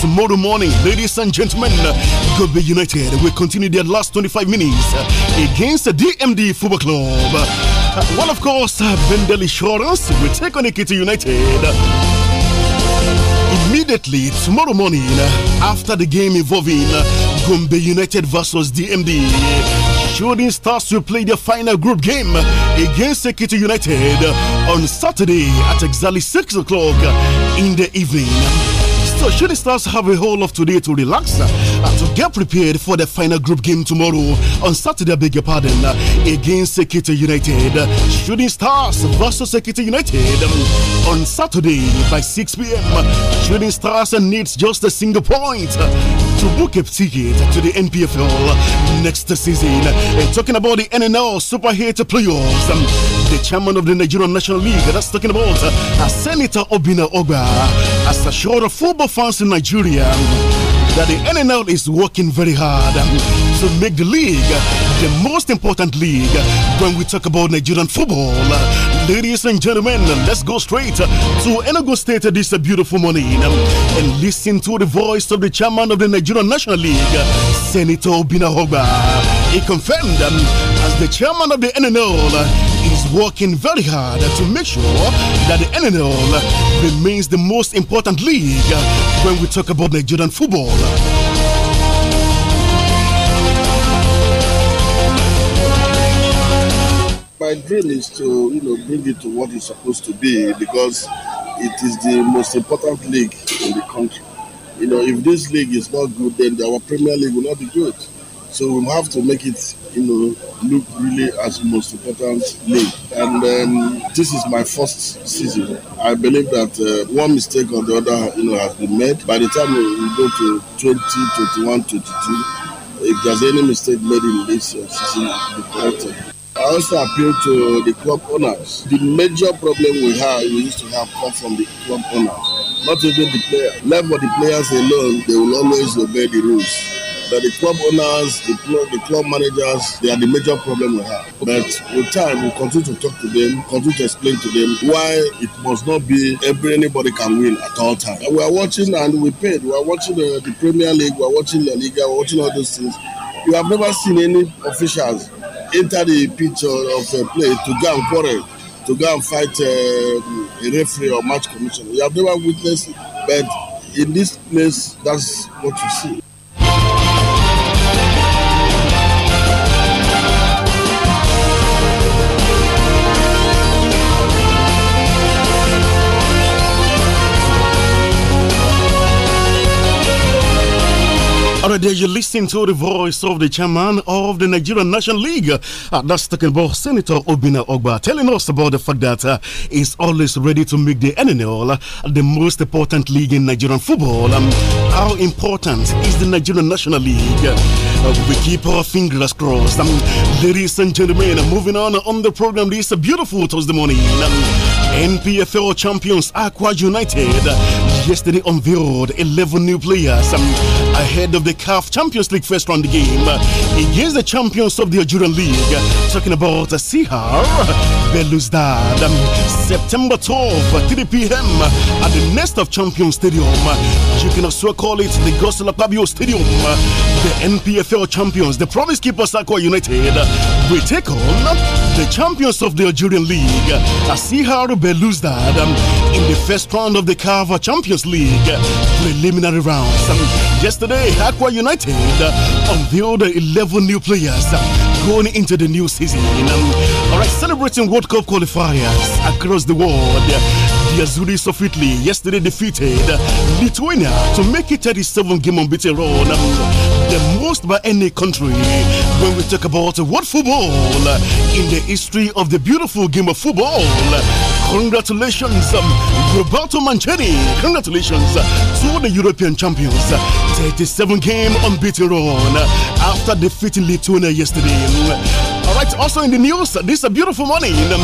Tomorrow morning, ladies and gentlemen, Kobe United will continue their last 25 minutes against the DMD Football Club. Well, of course, Bendel Insurance will take on Ekiti United immediately tomorrow morning after the game involving Gombe United versus DMD. Shooting Stars will play their final group game against Ekiti United on Saturday at exactly 6 o'clock in the evening. So Shooting Stars have a whole of today to relax and to get prepared for the final group game tomorrow on Saturday, beg your pardon, against Ekiti United. Shooting Stars versus Ekiti United on Saturday by 6 p.m. Shooting Stars needs just a single point to book a ticket to the NPFL next season. And talking about the NNL Super Hit Playoffs, um, the chairman of the Nigerian National League, that's talking about uh, Senator Obina Ogba, has assured football fans in Nigeria um, that the NNL is working very hard. Um, to make the league the most important league when we talk about Nigerian football. Ladies and gentlemen, let's go straight to Enugu State this beautiful morning and listen to the voice of the chairman of the Nigerian National League, Senator Binahoga. He confirmed as the chairman of the NNL is working very hard to make sure that the NNL remains the most important league when we talk about Nigerian football. my dream is to you know bring it to what it's supposed to be because it is the most important league in the country. You know, if this league is not good, then our Premier League will not be good. So we have to make it, you know, look really as the most important league. And um, this is my first season. I believe that uh, one mistake or the other, you know, has been made. By the time we go to 20, 21, 22, if there's any mistake made in this uh, season, it will be corrected. I also appeal to the club owners. The major problem we have, we used to have, come from the club owners, not even the players. Left for the players alone, they will always obey the rules. But the club owners, the club, the club managers, they are the major problem we have. But with time, we continue to talk to them, continue to explain to them why it must not be every anybody can win at all times. we are watching and we paid. We are watching the, the Premier League, we are watching La Liga, we are watching all those things. You have never seen any officials enter the pitch of a play to go and quarrel, to go and fight um, a referee or match commission. You have never witnessed it, but in this place, that's what you see. there, you listen to the voice of the chairman of the Nigerian National League. Uh, that's talking about Senator Obina Ogba, telling us about the fact that uh, he's always ready to make the NNL uh, the most important league in Nigerian football. Um, how important is the Nigerian National League? Uh, we keep our fingers crossed. Um, ladies and gentlemen, moving on on the program this beautiful Thursday morning. Um, NPFL champions Aqua United yesterday unveiled 11 new players um, ahead of the CAF Champions League first round game uh, against the champions of the Algerian League. Uh, talking about uh, Sihar Belouizdad, um, September 12, uh, 3 p.m. at the Nest of Champions Stadium. You can also call it the Gosla Pabio Stadium. The NPFL champions, the Promise Keeper Sako United, will take on the champions of the Algerian League, Asihar Belouizdad, um, in the first round of the CAF Champions League preliminary rounds. Um, yesterday, Aqua United unveiled um, 11 new players going into the new season celebrating World Cup qualifiers across the world. The Azuris of Italy yesterday defeated Lithuania to make it 37 game unbeaten run. The most by any country when we talk about world football in the history of the beautiful game of football. Congratulations, um, Roberto Mancini. Congratulations to the European champions. 37 game unbeaten run after defeating Lithuania yesterday also in the news, this is a beautiful morning. Um,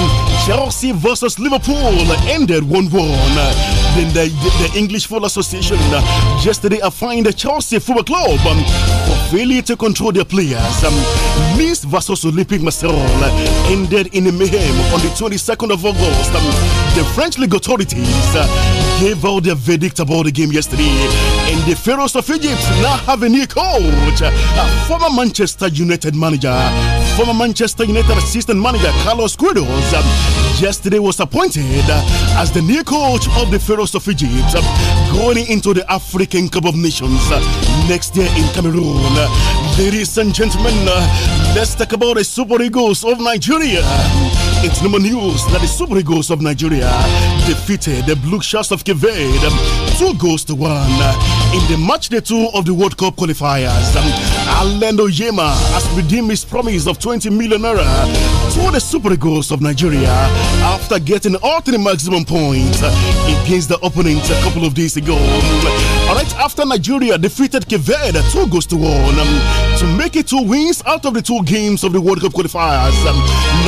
Chelsea versus Liverpool ended 1 1 in the, the, English Football Association uh, yesterday fined the Chelsea Football Club um, for failure to control their players. Um, versus Olympic Marseille uh, ended in a mayhem on the 22nd of August. Um, the French league authorities uh, gave out their verdict about the game yesterday, and the Pharaohs of Egypt now have a new coach, uh, former Manchester United manager Former Manchester United assistant manager Carlos Queiroz um, yesterday was appointed as the new coach of the Pharaohs of Egypt going into the African Cup of Nations uh, next year in Cameroon. Ladies and gentlemen, uh, let's talk about the Super Eagles of Nigeria. It's number news that the Super Eagles of Nigeria defeated the Blue Shots of Kivade um, two goals to one uh, in the match day two of the World Cup qualifiers. Um, Alendo Yema has redeemed his promise of 20 million naira to the Super Eagles of Nigeria after getting all three maximum points uh, against the opponent a couple of days ago. All right, after Nigeria defeated Kivade two goals to one um, to make it two wins out of the two games of the World Cup qualifiers. Um,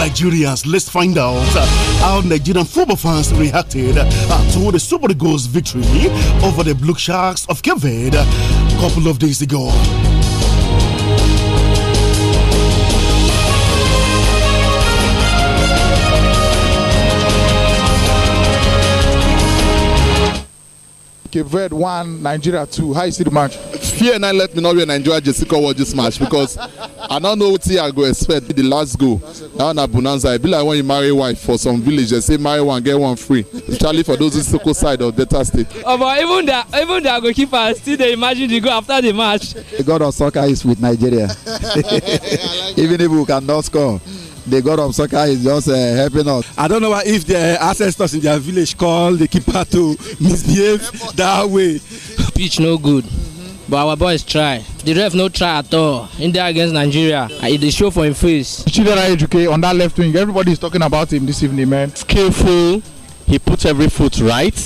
Nigerians, let's find out uh, how Nigerian football fans react converted uh, to the Super Eagles victory over the Blue Sharks of Cape Verde a couple of days ago. Cape Verde won Nigeria two. How you see the match? Fear and let me know wear Nigeria jersey come watch this match because I don't know what I go expect. The last goal, that one na bonanza. It be like when you marry wife for some village, they say marry one get one free. Especially for those in Soko side of Delta State. Oh, but even the even the goalkeeper still they imagine the goal after the match. The god of soccer is with Nigeria. even if we cannot score the god of soccer is just uh, helping us. I don't know why if their uh, ancestors in their village call the keeper to misbehave that way. Pitch no good. But our boys try. The ref no try at all. India against Nigeria. Uh, it is show for him face. Chidera Eduke on that left wing. Everybody is talking about him this evening, man. Skillful. He put every foot right.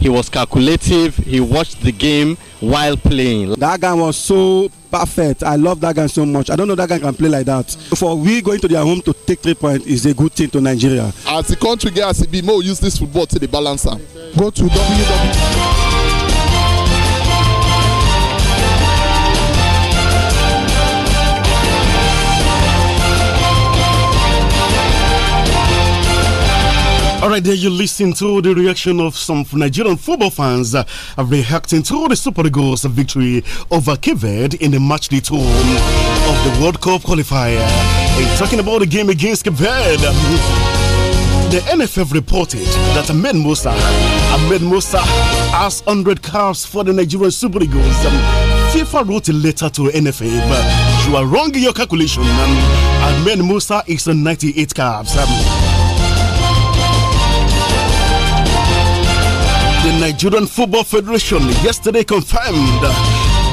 He was calculative. He watched the game while playing. That guy was so perfect. I love that guy so much. I don't know that guy can play like that. For we going to their home to take three points is a good thing to Nigeria. As the country get as it be, more use this football to the balancer. Go to www. All right, there you listen to the reaction of some Nigerian football fans uh, reacting to the Super Eagles' victory over Cape in the match day two um, of the World Cup qualifier. And talking about the game against Cape um, the NFF reported that Ahmed Musa, Ahmed Musa has 100 caps for the Nigerian Super Eagles. Um, FIFA wrote a letter to NFF. You are wrong in your calculation. Um, Ahmed Musa is on 98 caps. Um, The Nigerian Football Federation yesterday confirmed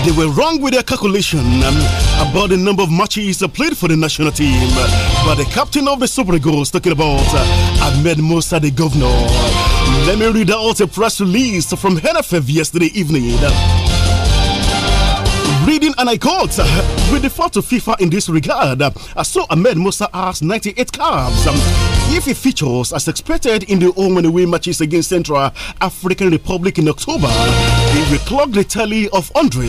they were wrong with their calculation um, about the number of matches played for the national team. But the captain of the Super Eagles talking about uh, Ahmed Musa, the governor. Let me read out a press release from NFF yesterday evening reading and I quote: we defer to FIFA in this regard. Uh, I so Ahmed Musa has 98 calves. Um, if he features as expected in the home and away matches against Central African Republic in October, they will clock the tally of 100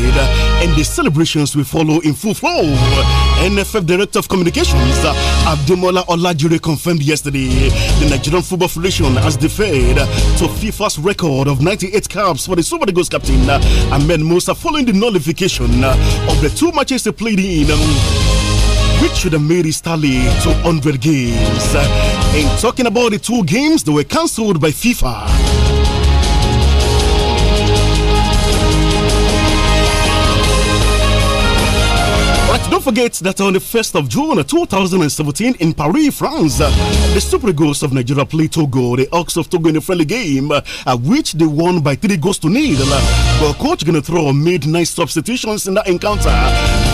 and the celebrations will follow in full flow. NFF Director of Communications Abdemola Olajire confirmed yesterday the Nigerian Football Federation has deferred to FIFA's record of 98 caps for the Super Eagles captain Ahmed Musa following the nullification of the two matches they played in which should have made his tally to 100 games. In talking about the two games that were cancelled by FIFA. Don't forget that on the 1st of June 2017 in Paris, France, the Super Eagles of Nigeria played Togo, the Ox of Togo in a friendly game, at uh, which they won by three goals to nil. But Coach gonna throw made nice substitutions in that encounter,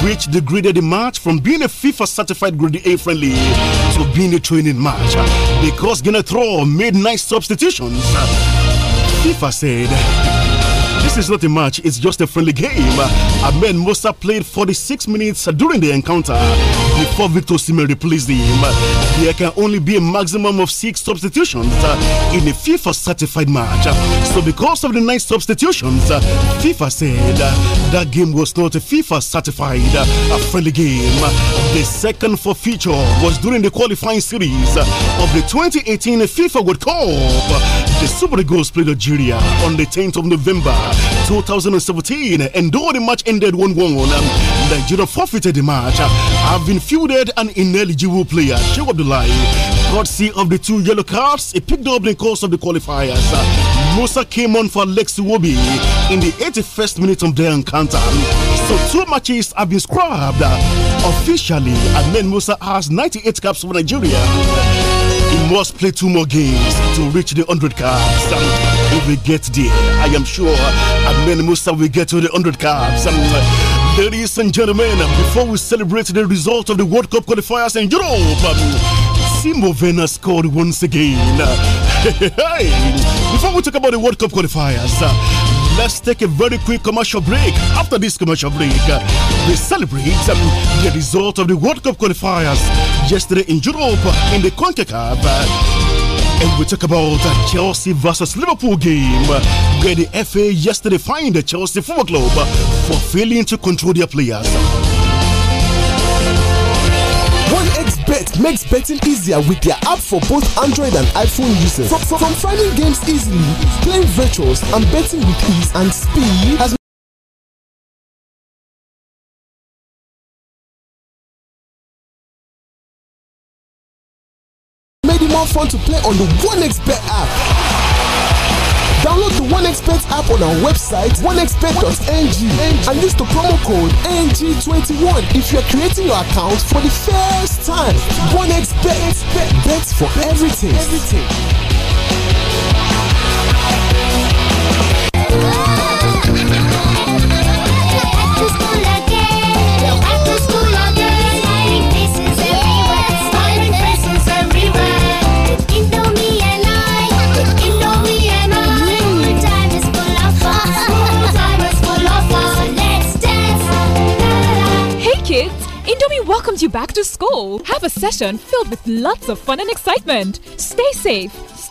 which degraded the match from being a FIFA certified Grade A friendly to being a training match. Uh, because throw made nice substitutions, uh, FIFA said. This is not a match, it's just a friendly game. must Musa played 46 minutes during the encounter before Victor Simon replaced him there can only be a maximum of six substitutions uh, in a FIFA certified match. So, because of the nine substitutions, uh, FIFA said uh, that game was not a FIFA certified uh, friendly game. The second forfeiture was during the qualifying series uh, of the 2018 FIFA World Cup. The Super Eagles played Algeria on the 10th of November. 2017. And though the match ended 1 1, Nigeria forfeited the match, I've been fielded an ineligible player, the Abdullahi, courtesy of the two yellow cards he picked up in the course of the qualifiers. Musa came on for Lex Wobi in the 81st minute of their encounter. So two matches have been scrubbed. officially, and then Musa has 98 caps for Nigeria. He must play two more games to reach the 100 caps. We get there. I am sure Amen Musa we get to the 100 caps. And, uh, ladies and gentlemen, before we celebrate the result of the World Cup qualifiers in Europe, um, Simo Vena scored once again. before we talk about the World Cup qualifiers, uh, Let's take a very quick commercial break. After this commercial break, uh, we celebrate um, the result of the World Cup qualifiers yesterday in Europe in the CONCACAF. Uh, and we talk about the Chelsea versus Liverpool game, where the FA yesterday fined the Chelsea Football Club for failing to control their players. Bet makes betting easier with their app for both Android and iPhone users. From, from, from finding games easily, playing virtuals, and betting with ease and speed be more fun to play on the OneXBet app. Download the OneXBet app on our website, onexbet.ng, and use the promo code NG21 if you are creating your account for the first time. OneXBet, bets for everything. everything. welcomes you back to school. Have a session filled with lots of fun and excitement. Stay safe.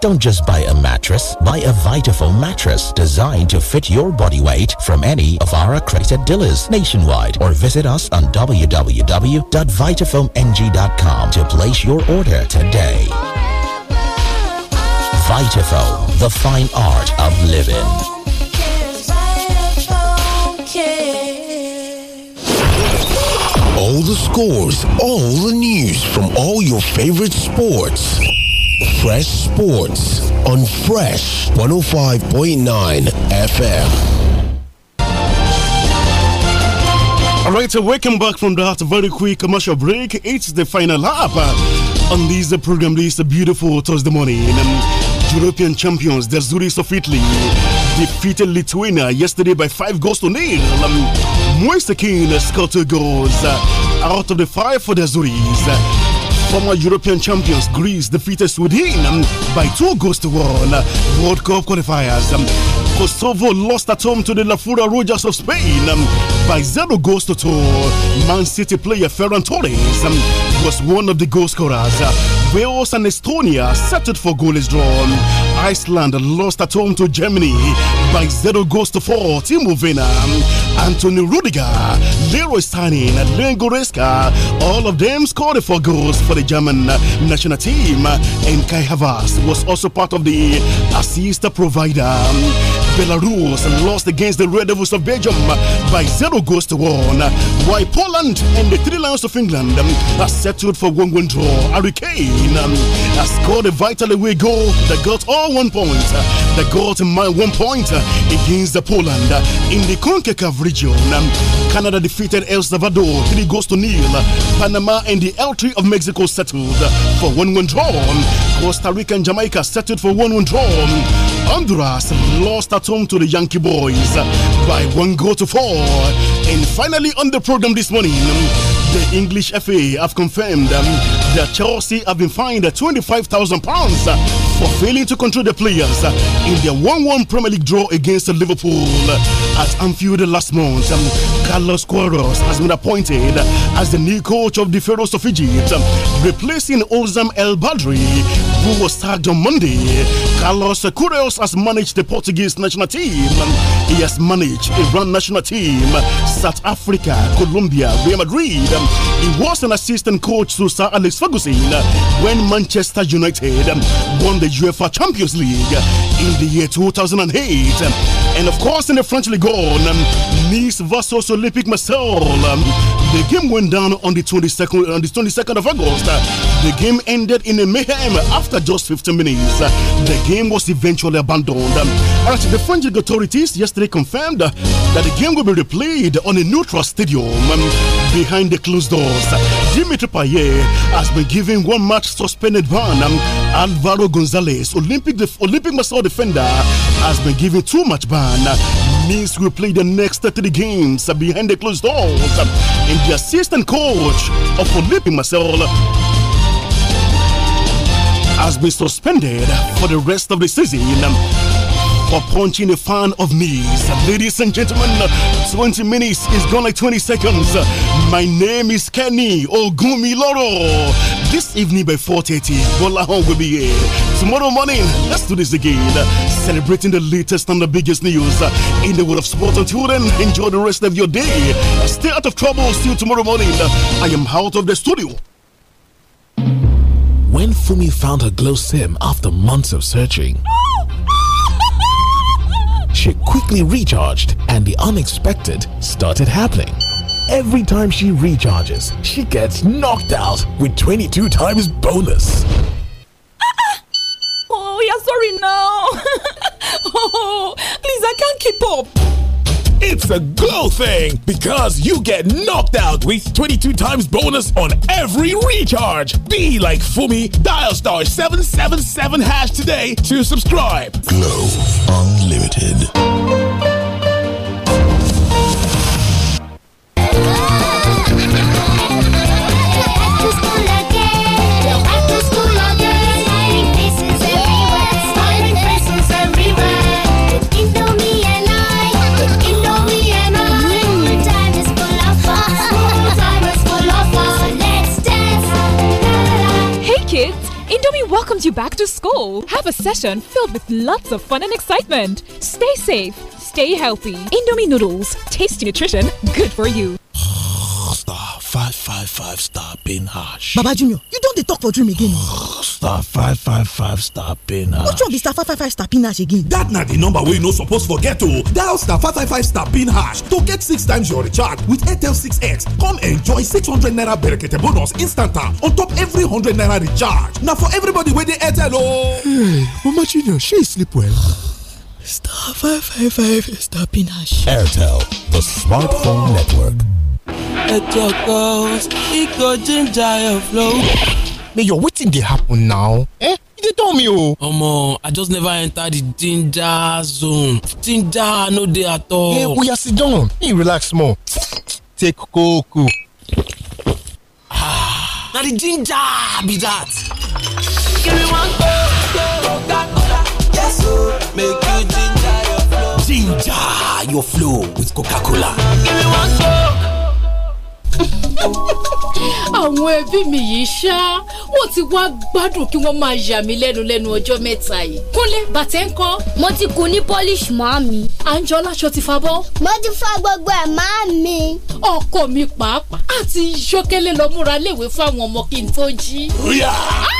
Don't just buy a mattress, buy a Vitafoam mattress designed to fit your body weight from any of our accredited dealers nationwide or visit us on www.vitafoamng.com to place your order today. Vitafoam, the fine art of living. All the scores, all the news from all your favorite sports. Fresh Sports on Fresh 105.9 FM. All right, so welcome back from that very quick commercial break. It's the final lap uh, on this the uh, program. This a beautiful Thursday morning. Um, European champions, the Zurich of Italy, defeated Lithuania yesterday by five goals to nil. Um, Moise Keane scored two goals uh, out of the five for the Zurichs. Former European champions Greece defeated Sweden um, by two goals to one. World Cup qualifiers. Um, Kosovo lost at home to the La Fura Rogers of Spain um, by zero goals to two. Man City player Ferran Torres um, was one of the goal scorers. Uh, Wales and Estonia settled for goalless draw. Iceland lost at home to Germany by 0 goals to 4. Timo Werner, um, Anthony Rudiger, Leroy Sané, and Leon Goreska, all of them scored four goals for the German national team. And Kai Havas was also part of the assist provider. Belarus and lost against the Red Devils of Belgium by 0 goals to 1. While Poland and the Three Lions of England are settled for 1 1 draw. Harry Kane um, has scored a vital away goal that got all one point. Uh, that got my one point uh, against the Poland uh, in the CONCACAF region. Um, Canada defeated El Salvador 3 goals to nil. Panama and the L3 of Mexico settled for 1 1 draw. Um, Costa Rica and Jamaica settled for 1 1 draw. Honduras lost at home to the Yankee boys by one goal to four. And finally, on the program this morning, the English FA have confirmed um, that Chelsea have been fined £25,000 for failing to control the players in their 1 1 Premier League draw against Liverpool at Anfield last month. Um, Carlos Queiroz has been appointed as the new coach of the Pharaohs of Egypt, replacing Ozam El Badri, who was tagged on Monday, Carlos Curios has managed the Portuguese national team. He has managed Iran national team, South Africa, Colombia, Real Madrid. He was an assistant coach to Sir Alex Ferguson when Manchester United won the UEFA Champions League in the year 2008. And of course, in the French league, Nice versus Olympique Marseille. The game went down on the 22nd, on the 22nd of August. The game ended in a mayhem after after just 15 minutes, uh, the game was eventually abandoned. Um, All right, the French authorities yesterday confirmed uh, that the game will be replayed on a neutral stadium um, behind the closed doors. Dimitri Payet has been given one match suspended ban. Um, Alvaro Gonzalez, Olympic Olympic master defender, has been given two match ban. Means will play the next 30 games behind the closed doors. And the assistant coach of Olympic Marcel has been suspended for the rest of the season for punching a fan of knees. Ladies and gentlemen, 20 minutes is gone like 20 seconds. My name is Kenny Ogumiloro. This evening by 4.30, Golahon will be here. Tomorrow morning, let's do this again. Celebrating the latest and the biggest news in the world of sport. Until then, enjoy the rest of your day. Stay out of trouble. See you tomorrow morning. I am out of the studio. When Fumi found her glow sim after months of searching, she quickly recharged and the unexpected started happening. Every time she recharges, she gets knocked out with 22 times bonus. Oh, yeah, sorry now. oh, please, I can't keep up. It's a glow thing because you get knocked out with 22 times bonus on every recharge. Be like Fumi, dial star 777 hash today to subscribe. Glow Unlimited. you back to school. Have a session filled with lots of fun and excitement. Stay safe, stay healthy. Indomie noodles, tasty nutrition, good for you star five five five star pin hash. baba jr you don't talk for dream again star five five five star pin hash. which one be star five five five star pin hash again. That na the number we you no to forget o oh. dial star five five five star pin hash to get six times your recharge with airtel 6x come enjoy six hundred naira berekete bonus instant ah, on top every hundred naira recharge Now for everybody with dey airtel o. Oh. hey mama junior she sleep well. star five five five star pin hash. airtel the smartphone network at your calls, it go ginger your flow. May your waiting they happen now. Eh? You tell me oh. Omo, I just never enter the ginger zone. Ginger no dey at all. Hey, we are sit down. Me relax more. Take cocoa. Ah, now the ginger be that. Give me one Coca-Cola. Yes, oh. Make you ginger your flow. Ginger your flow with Coca-Cola. Give me one Coke. àwọn ẹbí mi yìí ṣá wọn ti wá gbádùn kí wọ́n máa yà mí lẹ́nu lẹ́nu ọjọ́ mẹ́ta yìí. kúnlé bàtẹ́ ń kọ́. mo ti kun ní polish màámi. àǹjọ́lá aṣọ ti fa bọ́. mo ti fa gbogbo ẹ̀ màámi. ọkọ mi pàápàá àti yọkẹ́lẹ́ lọ múra léwe fún àwọn ọmọ kí n tó jí. ríà. Ah!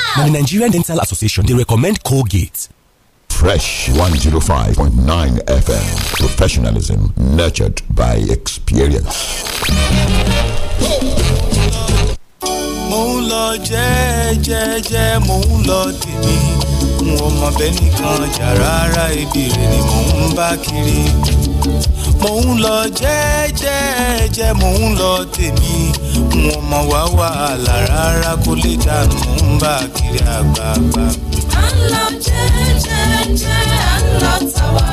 Now, the Nigerian Dental Association, they recommend Colgate. Fresh 105.9 FM. Professionalism nurtured by experience. mo ń lọ jẹ́ẹ́jẹ́ẹ́jẹ́ mo ń lọ tèmi n lo mọ̀ bẹ́ẹ̀ nìkan jà rárá ni mo ń bá kiri. mò ń lọ jẹ́jẹ́jẹ́ mò ń lọ tèmi wọn mọ̀ wá wàhálà rárá kó lè dànù mò ń bá kiri àgbààgbà. à ń lọ jẹ́jẹ́jẹ́ à ń lọ tàwa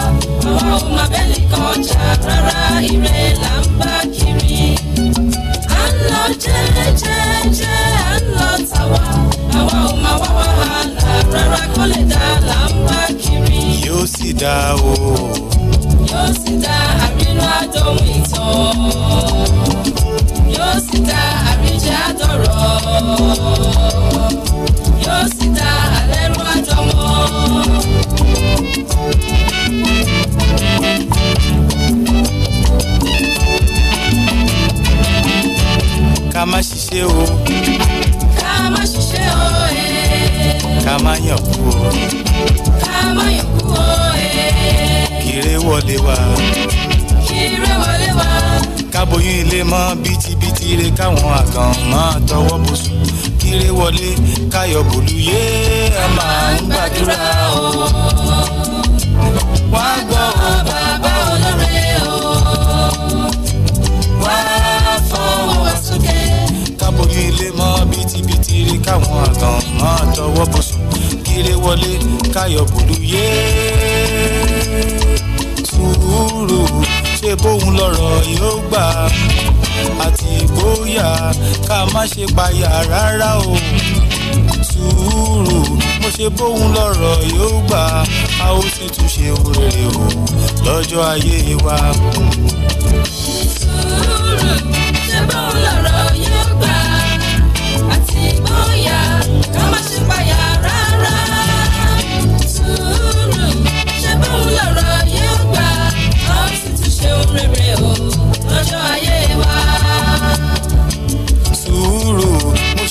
àwa ò má bẹ́ẹ̀lì kan jà rárá ire là ń bá kiri. à ń lọ jẹ́jẹ́jẹ́ à ń lọ tàwa àwa ò má wá wàhálà rárá kó lè dà là ń bá kiri. yóò sì dá o yóò sì dá àmínú àdóhùn ìtàn yóò sì dá àríjẹ́ àdọ̀rọ̀ yóò o. ká má ṣiṣẹ́ o ẹ̀. Eh. ká má yàn kú o ṣeré wọlé wá. ṣeré wọlé wá. káboyún ilé mọ́ bítíbitì rẹ̀ káwọn àgàn máa tọwọ́ bùsùn kéré wọlé káyọ̀ bòlú yé ẹ máa ń gbàdúrà o. wá gbọ́ ọ bàbá olóore o. wá fọwọ́ wá sókè. káboyún ilé mọ́ bítíbitì rẹ̀ káwọn àgàn máa tọwọ́ bùsùn kéré wọlé káyọ̀ bòlú yé. pé bóun lọ̀rọ̀ yóò gbà àti bóyá ká má ṣe payà rárá o sùúrù mo ṣe bóun lọ̀rọ̀ yóò gbà a ó sì tún ṣe òrèrè o lọ́jọ́ ayé wa. sùúrù ṣe bóun lọ̀rọ̀.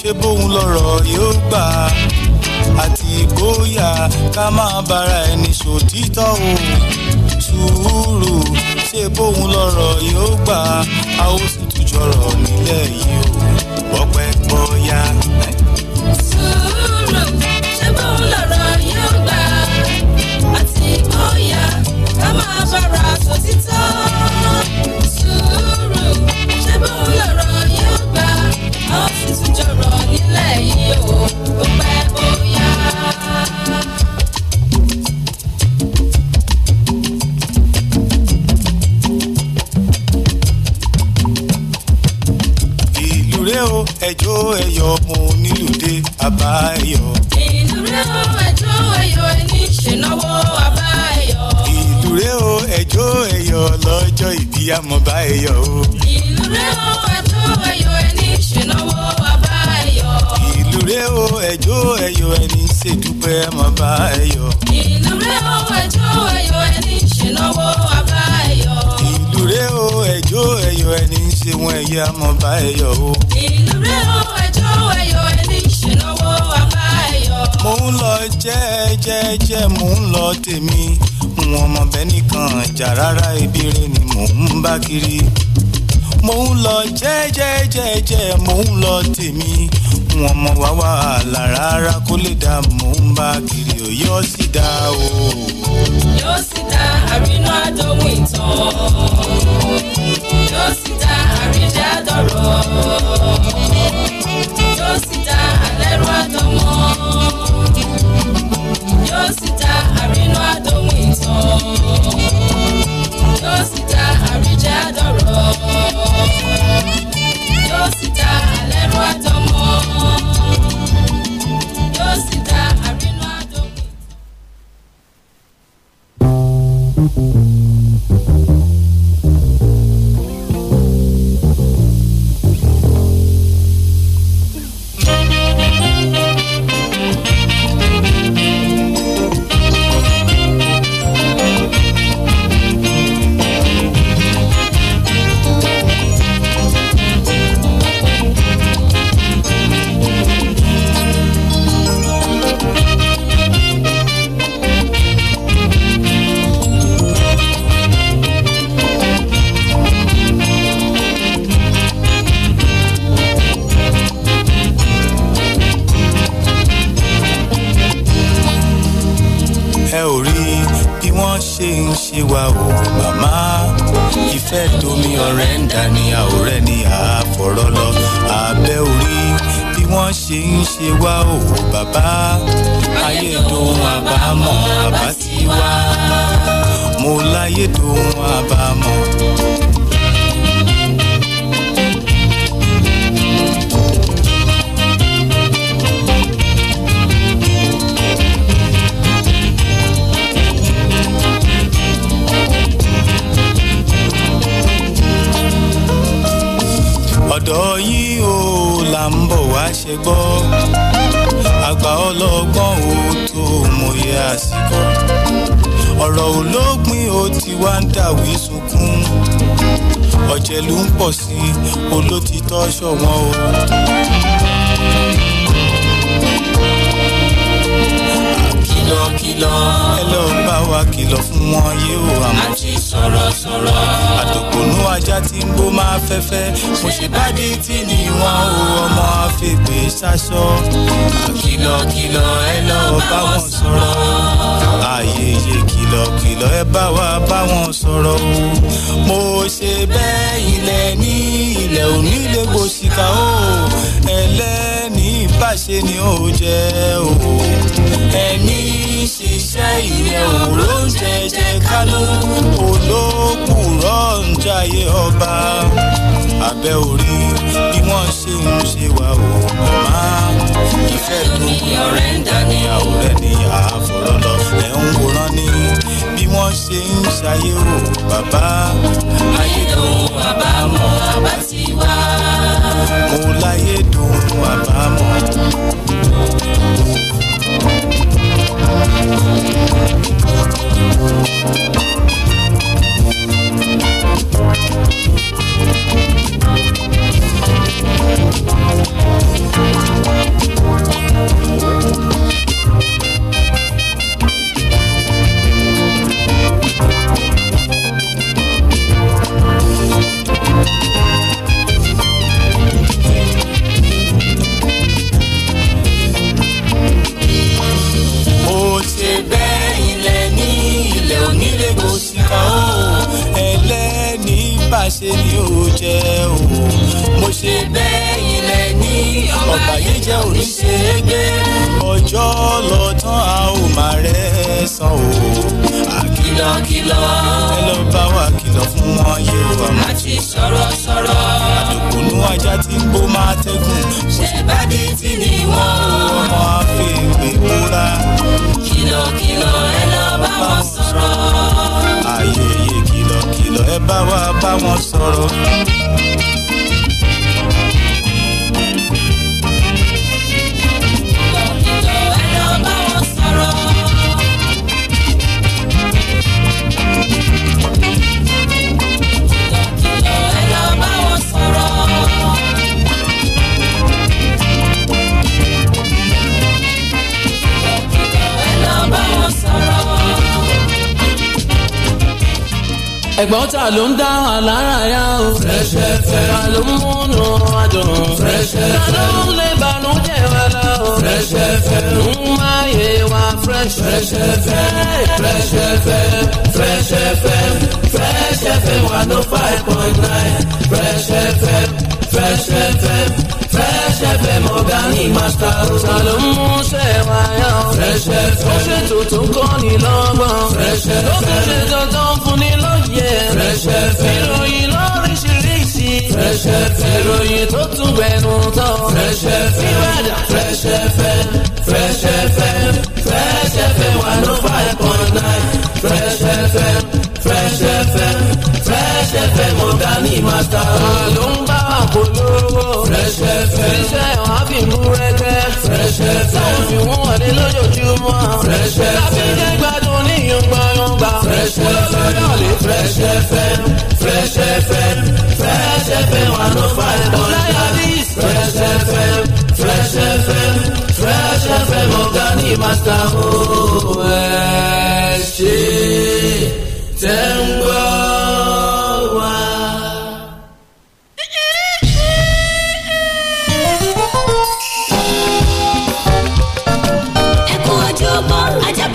ṣé bóun lọ̀rọ̀ yóò gbà àti bóyá ká máa bára ẹni ṣòtítọ́ o sùúrù ṣé bóun lọ̀rọ̀ yóò gbà a ó sì tún jọrọ̀ nílẹ̀ yìí o bọ́pẹ́ bọ́yá. sùúrù ṣé bóun lọ̀rọ̀ yóò gbà àti bóyá ká máa bára ṣòtítọ́. ẹyọ mo nílùdé àbá ẹyọ. o ẹjọ ẹyọ ẹni ṣènáwó àbá ẹyọ. ìlú o ẹjọ ẹyọ lọ́jọ́ ìbí àmọba ẹyọ o. ìlú o ẹjọ ẹyọ ẹni ṣènáwó àbá ẹyọ. ìlú o ẹjọ ẹyọ ẹni ṣèdúpẹ́ àmọba ẹyọ. ìlú o ẹjọ ẹyọ ẹni ṣènáwó àbá ẹyọ. ìlú o ẹjọ ẹyọ ẹni ṣe wọn ẹyẹ àmọba ẹyọ o. ìlú o. mò ń lọ jẹ́ẹ́jẹ́ẹ́jẹ́ mò ń lọ tèmi wọn ọmọ bẹ́ẹ̀ nìkan jà rárá ibi rẹ ni mò ń bá kiri mò ń lọ jẹ́ẹ́jẹ́ẹ́jẹ́ mò ń lọ tèmi wọn ọmọ wá wàhálà rárá kó lè dá mò ń bá kiri ò yóò sì dá o. yóò sì dá àrínú àdóhùn ìtàn yóò sì dá àríjá dọ̀rọ̀ yóò sì dá àlẹ́rú àtọmọ́.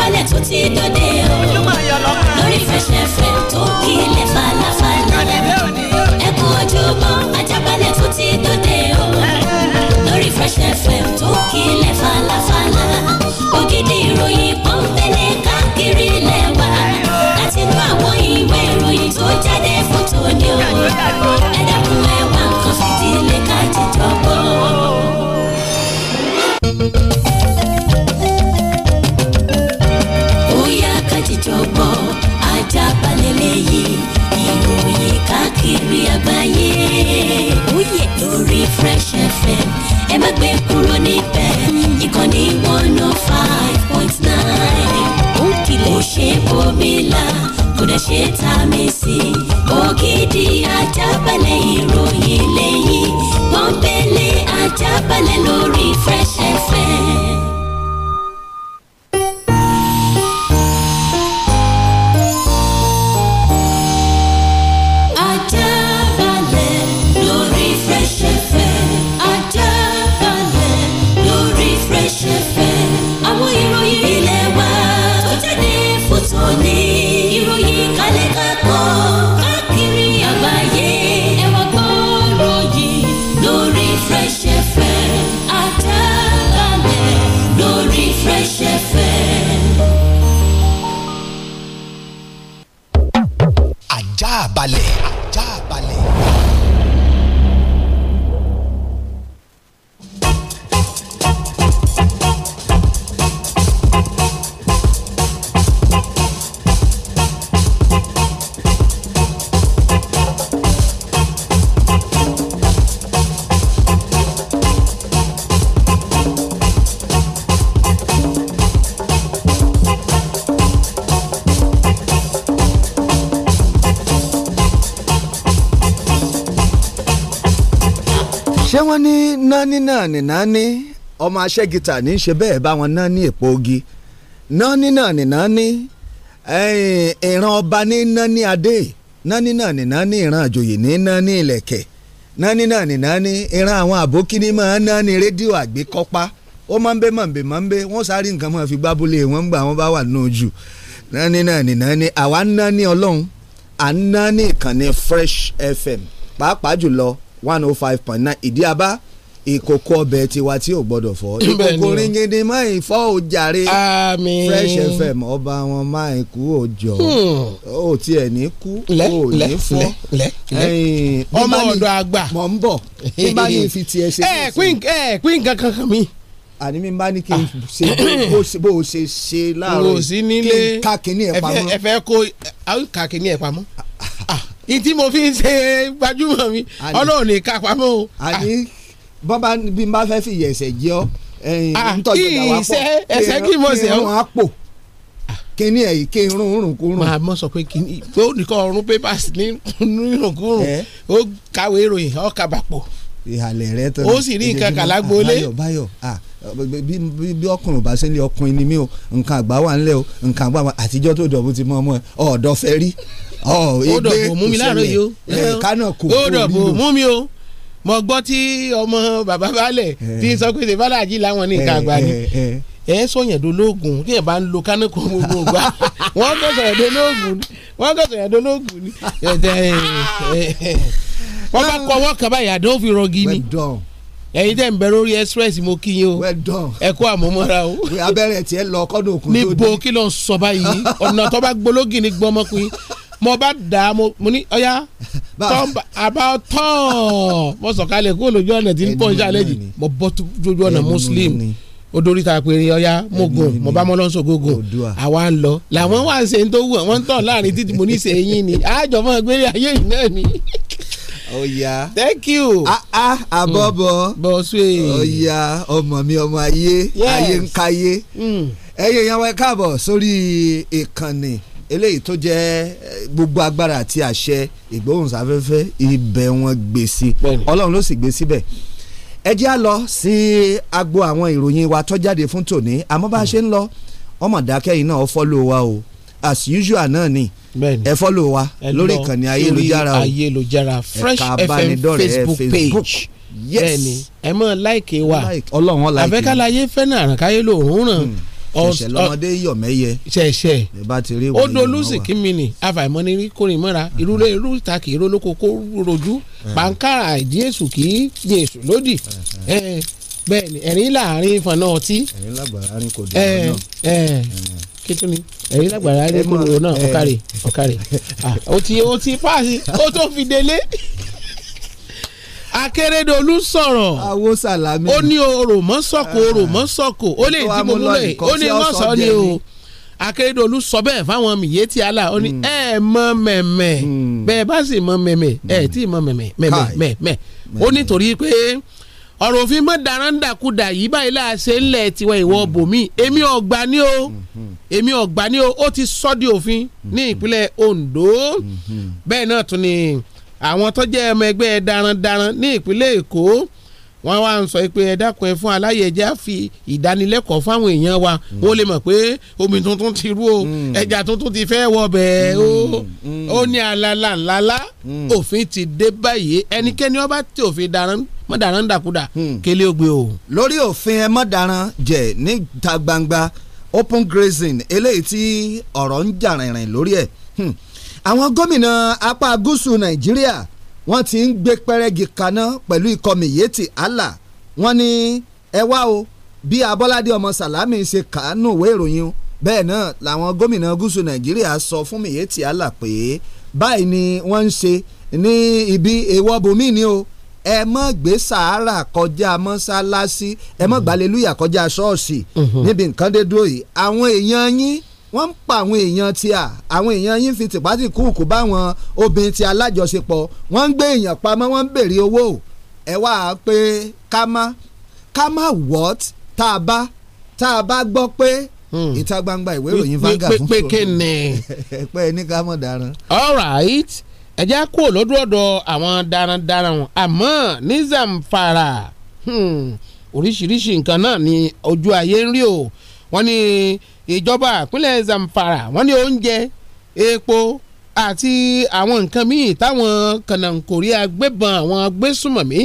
balẹ̀ tó ti dòde o lórí fẹsẹ̀fẹ̀ tó kílẹ̀ falafala ẹ kú ojúmọ́ tó ti dòde o lórí fẹsẹ̀fẹ̀ tó kílẹ̀ falafala ògidì ìròyìn pọ́npẹ́lẹ́ káàkiri lẹ́wà láti inú àwọn ìwé ìròyìn tó jáde fún tòní o. káàkiri àgbáyé. Oyè lórí Fresh FM ẹ má gbé kúrò níbẹ̀ ìkànnì one oh five point nine. Ó kìlẹ̀ ó ṣe bòmílà kódà ṣe tá a mi sí. Ògidì ajábalẹ̀ ìròyìn lẹ́yìn pọ́npẹ́lẹ́ ajábalẹ̀ lórí Fresh FM. náà ní Nani ọmọ aṣẹ́gita ní í ṣe bẹ́ẹ̀ bá wọn ná ní èpo ogi Nani náà ní Nani ìran ọba ní Nani adé Nani náà ní Nani ìran àjòyè ní Nani ilẹ̀kẹ̀ Nani náà ní Nani ìran àwọn àbókíní máa Nani rédíò àgbékọ́pá ó máa ń bẹ́ mọ̀ ń bẹ́ mọ̀ ń bẹ́ wọ́n sáré nǹkan máa fi gbábúlé wọn gbà wọ́n bá wà nínú ojú Nani náà ní Nani àwa ń Nani ọlọ́run à ń Nani ìkànnì Fresh FM pàápàá jùlọ one oh five point nine ìdí abá ìkòkò ọbẹ̀ tiwa tí ò gbọ́dọ̀ fọ́ ìkòkò ringindi máa fọ́ òjàre Fresh FM ọba wọn máa ń kú òjò ó hmm. tiẹ̀ ní kú ó ní fọ́ ọmọ ọ̀dọ̀ àgbà mọ̀ ń bọ̀ bí bá yẹn fi tiẹ̀ ṣe. ẹ ẹ pín nǹkan kankan mi àní mi bá ní kí n ṣe ah. bó o ṣe ṣe láàárọ̀ kí n ká kínní ẹ̀ pamọ́. ẹ fẹ́ kó ká kínní ẹ̀ pamọ́ ìtí ah. ah, mo fi ń ṣe gbajúmọ̀ mi ọlọ́run ní ká pamọ́ o bọ́ba bí n bá fẹ́ fìyà ẹ̀sẹ̀ jẹ́ ọ ah, ntọ́jú ọ̀dà wa pọ̀ ẹ̀sẹ̀ kí mo ṣe ọ́ àpò kíní ẹ̀ yìí kí n rún rún kúrún. màá mọ̀ sọ pé kíní ó nìkan ọ̀run papers ní rún kúrún ó kàwé ìròyìn ó kàbàpọ̀ ìhàlẹ̀ rẹ tán ó sì rí nǹkan kà lágbóolé. báyọ̀ báyọ̀ ah bí ọkùnrin bá ṣe ń lé ọkùnrin ni mí o nǹkan àgbà wà ńlẹ̀ o nǹkan àgbà wà àtijọ́ tó dọ̀bù ti mọ ọmọ ẹ ọ̀ọ́dọ̀ fẹ́ rí. ó dọ̀bù mú mi láàárọ̀ yìí o. kánà kò kó mi o. ó dọ̀bù mú mi o mo gbọ́ tí ọmọ bàbá balẹ̀ eh. tí sọ pé ṣe bàlájì láwọn ní nǹkan eh, àgbà ni eh, ẹ sọyàn dológun tí ẹ bá ń lo kánákó gbogbo gbà wọn kò sọyàn dológun wọn kò sọyàn dológun ni wọn bá kọ wọn kaba yàda ó fi rọgí ni ẹ̀yin tẹ́ ń bẹ lórí express mo kí yín o ẹ kó àmúmọ́ra o. abẹ́rẹ́ tiẹ̀ lọ kọ́dún òkun lóde. níbo kí ló ń sọ báyìí ọ̀nà tó bá gbológì ní gbọ́mọkùnrin mo bá dà á mo ní ọ̀yá tọ́ǹbà àbá tọ́ọ̀n mo sọ̀kalẹ̀ kó lójú ọ̀nà tí ń pọ̀ ṣáálẹ̀ yìí mo bọ́ lójú ọ̀nà muslim ó ta pé ọ̀yá mo gùn mo bá mọ́ lọ́sọ̀ gógó àwa ń lọ làwọn wà ń ṣe ń tó wù wọ́n ń láàrin títí mo ní ṣe eyín ni àjọ mọ́ ayé yìí náà ni. ọ̀yá thank you. àbọ̀bọ̀ bọ̀sùwé ọ̀yá ọmọ mi ọmọ ayé ayé ń kayé mm. ẹ̀yẹ̀ yẹn wá káàbọ̀ sórí ìkànnì eléyìí tó jẹ́ eh, gbogbo agbára àti àṣẹ ìgbóhùnsáfẹ́fẹ́ ibẹ̀ wọn gbé sí ọlọ́run ló sì gbé síbẹ̀ ẹ jẹ́ á lọ sí agbo àwọn ìròyìn wa tó jáde fún tòní àmọ́ bá a ṣe ń lọ ọmọ dákẹ́yìn náà follow wa o as usual náà ni ẹ follow wa lórí ìkànnì ayélujára o ayélujára Fresh FM Facebook page yes bẹ́ẹ̀ni ẹ mọ láìkè wa ọlọ́run ọláìkè àfẹkálàyé fẹ náà àràkáyé lòún ràn. Hmm ṣẹ̀ṣẹ̀ lọ́mọdé yọ̀ mẹ́yẹ. ṣẹ̀ṣẹ̀ ó dolú sí kí mi nì àfàìmọ́ ní kórè mọ́ra ìrúlé irú ta kì í ró lóko kó rojú pàǹkàrà ìdí èṣù kì í di èṣù lódì bẹ́ẹ̀ ni ẹ̀rín láàrin ìfọ̀nà ọtí. ẹ̀rín lágbára ni kò dé ọ̀nà kíkún ni ẹ̀yin lágbára rí kúrò náà ọ̀kàrè ọ̀kàrè ó ah, ti ó ti páàsì ó tó fi délé Akérèdọ́lù sọ̀rọ̀ awo sàlámì ó ní orò mọ́sọ̀kò orò ah. mọ́sọ̀kò ó lè tí mo múlẹ̀ ó ní wọ́n ni o Akérèdọ́lù sọ bẹ́ẹ̀ fáwọn mìíye tí ala ó ní hmm. ẹ mọ mẹ̀mẹ̀ hmm. bẹ́ẹ̀ bá sì mọ mẹ̀mẹ̀ ẹ hmm. tí mọ mẹ̀mẹ̀ mẹ̀mẹ̀ mẹ̀ ó nítorí pé ọ̀rọ̀ òfin mọ́ darandakuda yìí báyìí láàṣẹ ńlẹ̀ tiwọn ìwọ bòmí èmi ọ̀gbà ni o èmi ọ̀gbà ni o ó ti sọ́ di òfin ní ìpínlẹ̀ Ondo bẹ́ẹ̀ náà tún ni àwọn tó jẹ́ ọmọ ẹgbẹ́ darandaran ní ìpínlẹ̀ Èkó wọ́n wá ń sọ pé ẹ dákun ẹ fún aláyẹ ẹja fi ìdánilẹ́kọ̀ọ́ fáwọn èèyàn wa wọ́n lè mọ̀ pé omi tuntun ti rú o mm. ẹja tuntun ti fẹ́ wọ bẹ́ẹ̀ o mm. ó mm. ní alala ńláńlá òfin ti dé báyìí ẹnikẹ́ni ọba tí òfin daran mọ́ daran dàkúdà kélé ògbé o. lórí òfin ẹ mọ́ daran jẹ níta gbangba open grazing eléyìí tí ọ̀rọ̀ ń jà rìnrìn lórí ẹ̀. Hmm àwọn gómìnà apá gúúsù nàìjíríà wọ́n ti ń gbé pẹ́rẹ́gì kaná pẹ̀lú ikọ̀ miyetti allah wọ́n ní ẹ wá o bí abọ́ládé ọmọ sàlámì ṣe kàánú ìwé ìròyìn bẹ́ẹ̀ náà làwọn gómìnà gúúsù nàìjíríà sọ fún miyetti allah pé báyìí ni wọ́n ń ṣe ní ibi èèwọ̀ bomi ni o ẹ mọ̀ gbé sàárà kọjá mọ́sálásí ẹ mọ̀ gbàlélúyà mm. kọjá ṣọ́ọ̀ṣì mm-hmm. níbi nǹkan dé dúró yìí àwọn èèyàn yín wọ́n ń pa àwọn èèyàn tí à àwọn èèyàn yín fi tìpátì kúùkù bá wọn obìnrin ti alájọṣepọ̀ wọ́n ń gbé èèyàn pamọ́ wọ́n ń béèrè owó ẹ wá pé ká má ká má what tá a bá tá a bá gbọ́ pé hmm. ìta gbangba ìwé ìròyìn vanga fún pé kí ni. pé ní ká mọ̀ daran. all right ẹ já kúrò lọ́dún ọ̀dọ̀ àwọn darandaran wọn àmọ́ ní Zamfara hmm, oríṣiríṣi nǹkan náà ni ojú ayé ń rí o wọ́n ní. Hmm ìjọba àpínlẹ̀ Zamfara wọ́n ní oúnjẹ epo àti àwọn nǹkan míì táwọn kànáńkòrí agbébọn àwọn agbésùmọ̀mí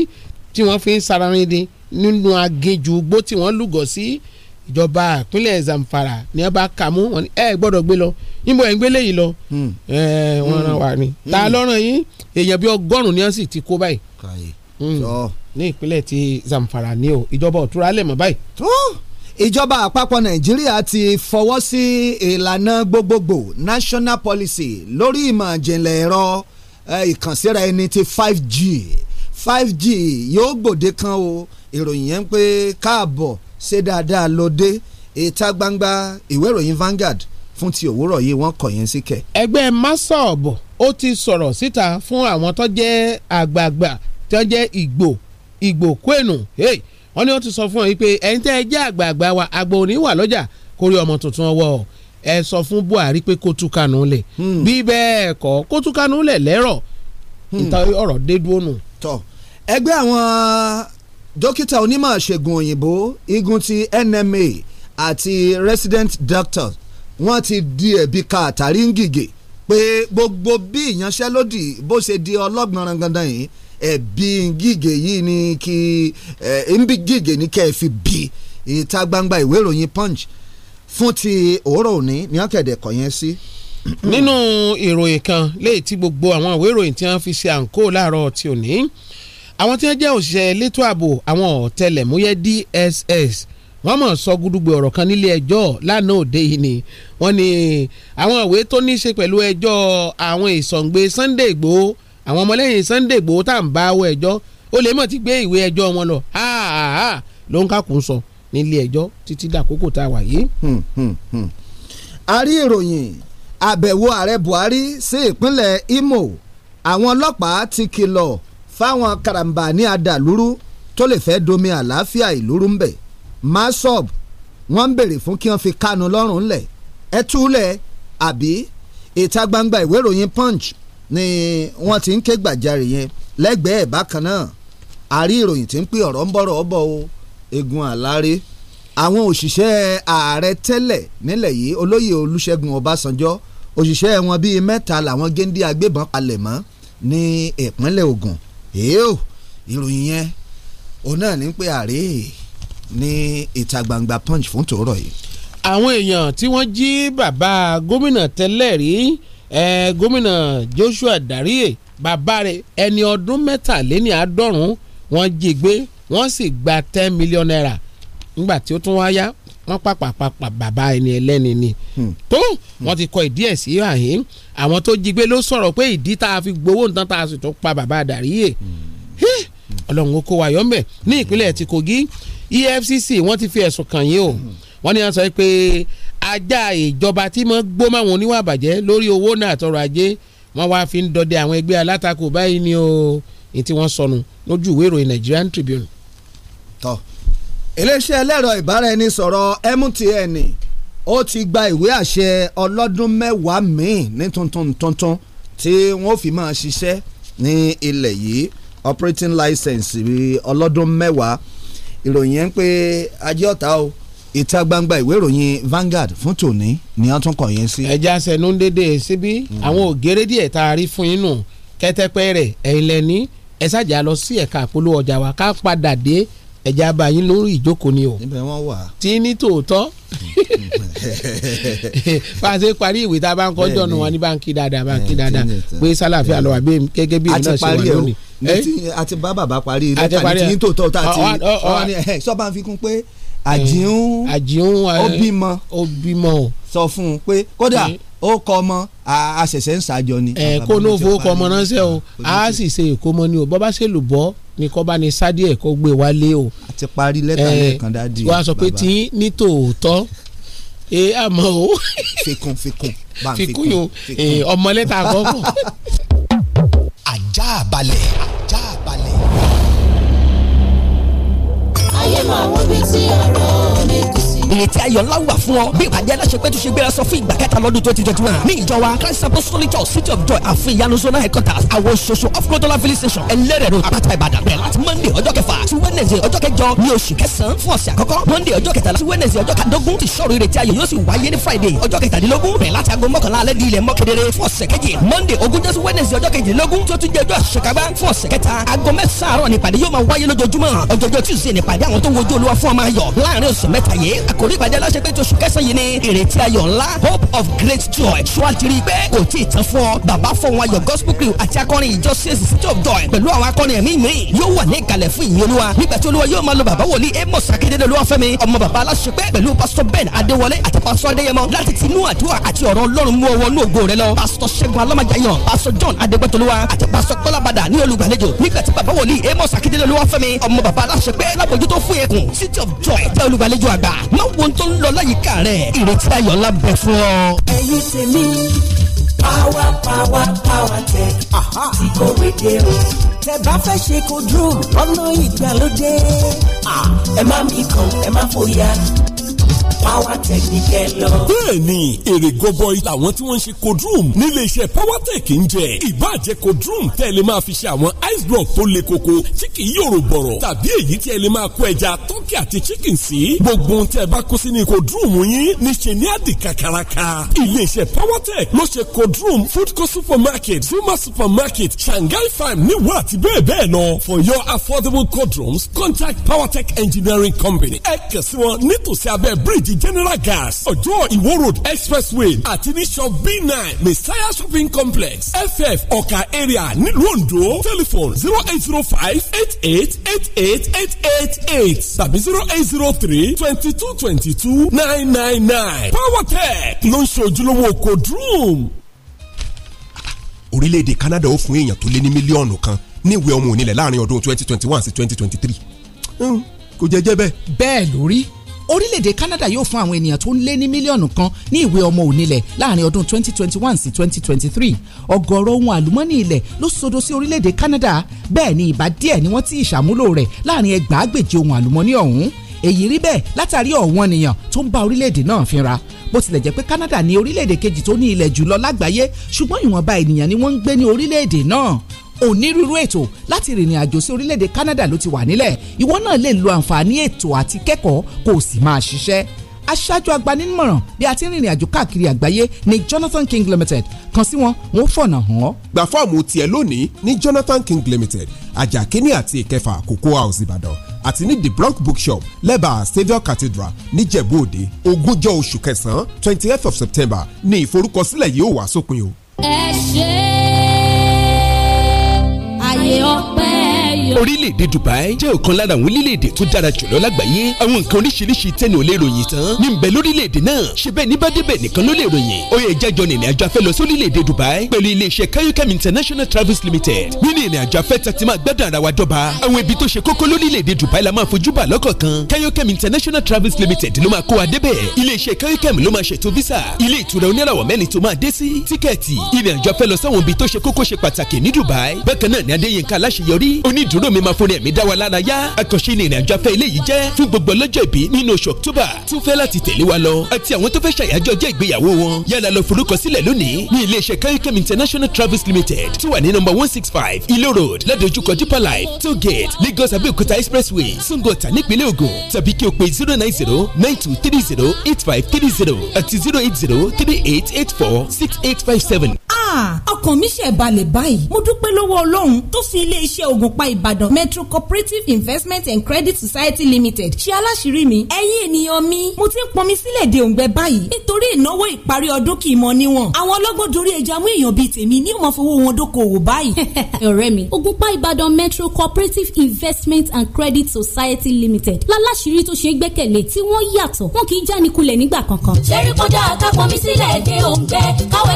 tí wọ́n fi ń sararin dín nínú aginjù gbó tí wọ́n lúgọ̀ sí ìjọba ìpínlẹ̀ Zamfara ní ọba kàmú wọn ni ẹ gbọ́dọ̀ gbé lọ níbo ẹ̀ ń gbélé yìí lọ hmm. ẹ wọn ràn wá ni hmm. ta hmm. lọ́rùn yín èèyàn bíi ọgọ́rùn-ún ni wọ́n sì ti kó báyìí ní ìpínlẹ̀ ti Zamfara ní o ìjọba òtúrálẹ̀ mọ́ báyìí ìjọba àpapọ̀ nàìjíríà ti fọwọ́ sí ìlànà gbogbogbò national policy lórí ìmọ̀ ìjìnlẹ̀ ẹ̀rọ ìkànsíra ẹni ti 5G 5G yóò gbòde kan o ìròyìn yẹn ń pé káàbọ̀ ṣe dáadáa lóde ìta gbangba ìwé ìròyìn Vanguard fún ti òwúrọ̀ yìí wọ́n kọ̀ yẹn sí kẹ̀. ẹgbẹ́ masọ̀bù ó ti sọ̀rọ̀ síta fún àwọn tó jẹ́ àgbààgbà tó jẹ́ ìgbò ìgbò kwenu. Hey wọ́n ní wọ́n ti sọ fún ọ yìí pé ẹ̀yin tẹ́ ẹ jẹ́ àgbààgbà wa àgbà òní wà lọ́jà kó rí ọmọ tuntun ọwọ́ ọ ẹ sọ fún Buhari pé kó tú Kanu lẹ̀ hmm. bí bẹ́ẹ̀ kọ́ kó tú Kanu lẹ̀ lẹ́rọ̀ hmm. níta ọ̀rọ̀ dé nù. tọ ẹgbẹ́ àwọn dókítà onímọ̀ ṣègùn òyìnbó igun ti NMA àti resident doctors wọ́n ti di ẹ̀bi ka àtàrí ń gìgè pé gbogbo bí ìyanṣẹ́lódì bó ṣe di ọlọ́gbọ̀n rangandan yìí ẹ̀bí gígé yìí ni kí ẹ̀ńbí gígé ní kẹ́ ẹ fi bí ìta gbangba ìwé ìròyìn punch fún ti òórọ̀ òní ní ọ̀kẹ́dẹ̀ kọ̀ yẹn sí. nínú ìròyìn kan léyìí tí gbogbo àwọn ìwé ìròyìn tí wọ́n fi ṣe àǹkó láàárọ̀ ti òní àwọn tí wọ́n jẹ́ òṣìṣẹ́ elétò ààbò àwọn ọ̀tẹlẹ̀múyẹ́ DSS wọ́n mọ̀ sọ gúdúgbò ọ̀rọ̀ kan nílé ẹjọ́ lánàá òde yìí ni wọ́n ní àwọn ìwé tó ní í ṣe pẹ̀lú ẹjọ́ àwọn ìsọ̀ǹgbé Sunday Ìgbòho àwọn ọmọlẹ́yìn Sunday Igboho tá à ń bá awọ ẹjọ́ ó lè mọ̀ ti gbé ìwé ẹjọ́ wọn lọ ló ń kàkùn sọ nílé ẹjọ́ títí dàkókò tá a wà yìí. Hmm, hmm, hmm. a rí ìròyìn àbẹ̀wò ààrẹ Buhari sí ìpínlẹ̀ Imo àwọn ọlọ́pàá ti kìlọ̀ fáwọn karambà ní adàlúrú tó lè fẹ́ domi àlàáfíà ìlú rúmbẹ̀ masob wọ́n ń béèrè fún kí wọ́n fi Kanu lọ́rùn lẹ̀ ẹ túlẹ̀ àbí ìta gbangba ìwé ìròyìn Punch ni wọ́n ti ń ké gbàjarè yẹn lẹ́gbẹ̀ẹ́ bákan náà àrí ìròyìn tí ń pè ọ̀rọ̀ ń bọ̀rọ̀ ọ̀bọ̀ o egun àlárè àwọn òṣìṣẹ́ ààrẹ tẹ́lẹ̀ nílẹ̀ yìí olóyè olúṣẹ́gun ọbásanjọ́ òṣìṣẹ́ wọn bíi mẹ́ta làwọn géńdé agbébọn palẹ̀ mọ́ ní ìpínlẹ̀ ògùn èèó ìròyìn yẹn òun náà ní pé ààrẹ ní ìta gbangba punch fún tòórọ̀ yìí. àwọn èèyàn tí wọ́n jí bàbá gómìnà tẹ́lẹ̀ rí eh, gómìnà Joshua Dariye bàbá rẹ̀ ẹni ọdún mẹ́tàléní àádọ́rùn-ún wọ́n jí gbé wọ́n sì gba ten million naira nígbà tí ó tún wá yá wọ́n pàpàpàpà bàbá ẹni ẹlẹ́ni ni hmm. tó wọ́n ti kọ ìdí ẹ̀ sí àhín àwọn tó jí gbé ló sọ̀rọ̀ pé ìdí tá a fi gbowó nǹkan tá a sì tún pa bàbá Dariye ọlọ́run ó kó wa yọ̀ǹbẹ̀ ní ìpínlẹ̀ ti Kogi EFCC wọ́n ti fi ẹ̀sùn kàn yín o hmm. wọ́n ní wọ́n sọ pé ajá ìjọba tí mo gbó máwọn oníwà bàjẹ́ lórí owó náà àtọrọ̀ ajé wọ́n wá fi ń dọdẹ àwọn ẹgbẹ́ alátakò báyìí ni o ní tí wọ́n sọnù lójú ìwé ìròyìn Nigerian Tribune. tọ́ iléeṣẹ́ ẹlẹ́rọ ìbáraẹnisọ̀rọ̀ MTN ó ti gba ìwé àṣẹ ọlọ́dún mẹ́wàá míì ní tuntun tuntun tí wọ́n fi máa ṣiṣẹ́ ní ilẹ̀ yìí operating license ọlọ́dún mẹ́wàá ìròyìn yẹn ń pé ajé ọ̀tá o ìta gbangba ìwé ìròyìn Vanguard fún tòní ni wọ́n tún kàn yẹn sí. ẹja sẹnu dédé síbí mm. àwọn ògèrè díẹ̀ tá a rí fún inú kẹ́tẹ́pẹ́ rẹ̀ ẹ̀yìn lẹ́ni ẹ ṣàjà lọ sí ẹ̀ka àpolówó ọjà wa ká padà dé ẹ̀já bá yín lórí ìjókòó ni o. níbẹ̀ wọ́n wà. tí ní tòótọ́ fàṣẹ parí ìwé tá a bá ń kọjọ́ nu wọn ní báńkì dáadáa báńkì dáadáa pé sálàfíà àlọ́ àbí gẹ́gẹ́ bí èmi náà ṣe wà lónìí. àti bá bàbá parí lẹ́tà ní tí ní tòótọ́ tá a ti sọ́ba ń fi pé àjíhùn mm. àjíhùn obìmọ eh, obìmọ sọ fún un pé kódà mm. ó kọ ọmọ a ṣẹ̀ṣẹ̀ ń ṣàjọ ni. ẹ eh, kó ní òfò kọ ọmọ ránṣẹ́ o ah, a sì ṣe ìkómọ ni o bọ́bá ṣe lù bọ́ ni kọ́ bá ní sádì ẹ̀ kó gbé wálé o. a ti parí lẹ́tà eh, lẹ́ẹ̀kan dáadé bàbá wa sọ pé tí ní tòótọ́ ẹ àmọ́ o. fikun fikun bá ń fikun yòó ọmọ lẹ́tà àkọ́kọ́. ajá balẹ̀ ajá balẹ̀ ayé máa wọ́n bí tí ọ̀rọ̀ mi kù ìrètí ayọ̀ ńlá wà fún ọ bí ìpàdé aláṣepẹ́ tó ṣe gbéra sọ fún ìgbà kẹta lọ́dún twenty twenty one ní ìjọ wa Christ apostolic church city of joy àfin ìyanu zona headquarters àwọn ṣoṣo off road dollar filling station ẹlẹ́rẹ̀ road àpáta ìbàdàn bẹ̀rẹ̀ láti monday ọjọ́ kẹfà sí wednesday ọjọ́ kẹjọ ní oṣù kẹsàn-án fún ọ̀sẹ̀ àkọ́kọ́ monday ọjọ́ kẹtàlá sí wednesday ọjọ́ kadógún ti sọ̀rọ̀ ìrètí ayọ̀ yóò sì wáyé ní friday ọjọ́ kẹtàdínlógún bẹ̀rẹ̀ láti aago mọ́kànlá alẹ́ di ilẹ̀ mọ́kedere fún ọ̀sẹ̀ kejì monday ogúnjọ́ sí wednesday ọjọ́ kejìlélógún tó tún jẹ́ ọjọ́ àṣekágbá fún ọ̀sẹ̀ kẹta aago mẹ́sàn-án àárọ̀ nípàdé yóò máa wáyé lójoojúmọ́ ọjọ́jọ́ tuesday nípàdé àwọn tó wojú olúwa fún ọmọ ayọ̀ láàrin ọ̀sẹ̀ mẹ́ta yìí àkórí ìpàdé aláṣepé tó sùn kẹsàn yìí ni ìrètí ayọ̀ ńlá hope of great joy ṣùgbọ́n pé kò tí ì tán fún ọ bàbá fún ayọ̀ gospel crew àti akọrin ìjọ csc city of joy pẹ̀lú àwọn akọrin ẹ̀mí mi yóò wà ní ìkàlẹ̀ fún ìyẹn olúwa nígbà tí olúwa yóò máa lo bàbá wòlíì amos akíndélé olúwafẹ́mi ọmọ bàbá aláṣepé pẹ̀lú pásítọ̀ ben adéwọlé àti pásítọ̀ adéyẹmọ láti ti inú àdúrà wo tó ń lọ láyìíká rẹ̀ ìrètí ayọ̀ ńlá bẹ fún ọ. ẹ̀yin tèmi power power power tech tí kò wéde o tẹ́ bá fẹ́ ṣe kó dúró lọ́nà ìgbàlódé ah. ẹ má mi kàn ẹ má fòyà powertech ní kẹ́ lọ. bẹ́ẹ̀ni èrè gọbọi làwọn tí wọ́n ń ṣe coldroom nílé iṣẹ́ powertech ń jẹ ìbàjẹ́ coldroom tẹ́ ẹ lè máa fi ṣe àwọn ice block tó le koko tí kì í yòrò bọ̀rọ̀ tàbí èyí tí ẹ lè máa kó ẹja tọ́kì àti chicken sí gbogbo ohun tẹ́ ẹ bá kó sínú coldroom yín níṣẹ́ ní àdìkà karaka ilé iṣẹ́ powertech ló ṣe coldroom foodco supermarket zuma supermarket shanghai farm níwọ̀ àti bẹ́ẹ̀ bẹ́ẹ̀ lọ for your affordable coldrooms contact powertech engineering company ẹ kàn sí wọn nítòsí abẹ́ bridge kejì general gas ọjọ́ ìwó road expressway àti ní shop b nine messiah shopping complex ff ọ̀ka area nílùú ondo telephone zero eight zero five eight eight eight eight eight eight eight tàbí zero eight zero three twenty two twenty two nine nine nine powertech ló ń ṣe ojúlówó oko drum. orílẹ̀-èdè canada ó fún èèyàn tó lé ní mílíọ̀nù kan ní ìwé ọmọ onílẹ̀ láàrin ọdún twenty twenty one sí twenty twenty three hmm, kò jẹ́jẹ́ bẹ́ẹ̀. bẹ́ẹ̀ lórí orílẹ̀-èdè Canada yóò fún àwọn ènìyàn tó ń lé ní mílíọ̀nù kan ní ìwé ọmọ onílẹ̀ láàrin ọdún 2021 sí 2023 ọ̀gọ̀ọ̀rọ̀ ohun àlùmọ́nì ilẹ̀ ló sodo sí orílẹ̀-èdè Canada bẹ́ẹ̀ ni ìbá díẹ̀ ni wọ́n ti ìṣàmúlò rẹ̀ láàrin ẹgbàágbèje ohun àlùmọ́nì ọ̀hún èyí rí bẹ́ẹ̀ látàrí ọ̀wọ́n ènìyàn tó ń bá orílẹ̀-èdè náà fínra bó tilẹ̀ jẹ́ pé Canada ni orílẹ̀-èdè kejì tó ní ilẹ̀ jùlọ lágbàáyé ṣùgbọ́n ìwọ̀nba ènìyàn ni wọ́n ń gbé ní orílẹ̀-èdè náà onírúurú ètò láti rìnrìn àjò sí orílẹ̀-èdè Canada ló ti wà nílẹ̀ ìwọ náà lè lo àǹfààní ètò àti kẹ́kọ̀ọ́ kó o sì máa ṣiṣẹ́ aṣáájú agbanímọ̀ràn bí a ti ń rìnrìn àjò káàkiri àgbáyé ní Jonathan King Limited kan sí wọn wọn ó fọ̀nà hàn ọ́. gba fọ́ọ̀mù tiẹ̀ lónìí ní Jonathan King Limited àjà kínní àti ìkẹfà Cocoa House Ìbàdàn àti ní the Bronx Bookshop lẹ́bàá Saviour Cathedral níjẹ̀bú òde ogúnjọ́ oṣù kẹsàn-án twenty eight of September ní ìforúkọsílẹ̀ yìí ó wà sópin o. ẹ ṣe é ayé oh. orílẹ̀-èdè Dubai jẹ́ ọ̀kan lára àwọn orílẹ̀-èdè tó dára jùlọ lágbàáyé àwọn nǹkan oríṣiríṣi tẹ́ni ò lè ròyìn tán ní nbẹ lórílẹ̀-èdè náà ṣe bẹ́ẹ̀ ní bá débẹ̀ nìkan ló lè ròyìn ó yẹ ìjájọ ní ìrìnàjò afẹ́ lọ sórílẹ̀-èdè Dubai pẹ̀lú iléeṣẹ́ Kayokam International Travels Limited nínú ìrìnàjò afẹ́ tàti máa gbádùn ara wa dọ́ba àwọn ibi tó ṣe kókó lórílẹ̀-èdè Dubai la máa fojú bà lọ́kọ̀ọ̀kan Kayokam International Travels Limited ló máa kó wa débẹ̀ iléeṣẹ́ Kayokam ló máa ṣètò visa ilé ìtura oníràwọ̀ mẹ́rin tó máa dé sí tíkẹ́ẹ̀tì ìrìnàjò afẹ́ lọ sáwọn ibi tó ṣe kókó ṣe pàtàkì ní Dubai bákan náà ni Adéyínká aláṣeyọrí onídùúró ọlọ́run mi máa fún ẹ̀mí dá wa lára yá àkànṣe ni ìrìnàjò afẹ́ eléyìí jẹ́ fún gbogbo ọlọ́jọ́ ìbí nínú oṣù October tún fẹ́ láti tẹ̀lé wa lọ àti àwọn tó fẹ́ ṣàyájọ́ ọjọ́ ìgbéyàwó wọn yálà lọ forúkọsílẹ̀ lónìí ní iléeṣẹ́ Kaikem International Travels Limited tí wà ní nọ́mbà one six five Ilo Road ládojúkọ Deeper Life toll gate Lagos Abẹ́òkúta expressway Sungota nípínlẹ̀ Ògùn tàbí kí o pè zero nine zero nine two three zero eight five three zero àti zero eight zero three eight eight four six eight five seven. Ah, ọkàn mi ṣe balẹ̀ báyìí mo dúpẹ́ lọ́wọ́ ọlọ́run tó fi iléeṣẹ́ ògùn pa ìbá ìbàdàn metro cooperative investment and credit society limited ṣe aláṣìírí mi ẹ̀yin ènìyàn mi mo ti ń pọnmi sílẹ̀ de òǹgbẹ báyìí nítorí ìnáwó ìparí ọdún kì í mọ níwọ̀n àwọn ọlọ́gbọ́n dorí ẹja mú èèyàn bíi tèmi ní ìmọ̀ fowó wọn dókòwò báyìí. ọ̀rẹ́ mi ògùnpá ìbàdàn metro cooperative investment and credit society limited láláṣìírí tó ṣe é gbẹ́kẹ̀lé tí wọ́n yàtọ̀ wọn kì í jánikulẹ̀ nígbà kankan. ṣé rí kọjá ká pọnmi sílẹ̀ de òǹgbẹ káwọ́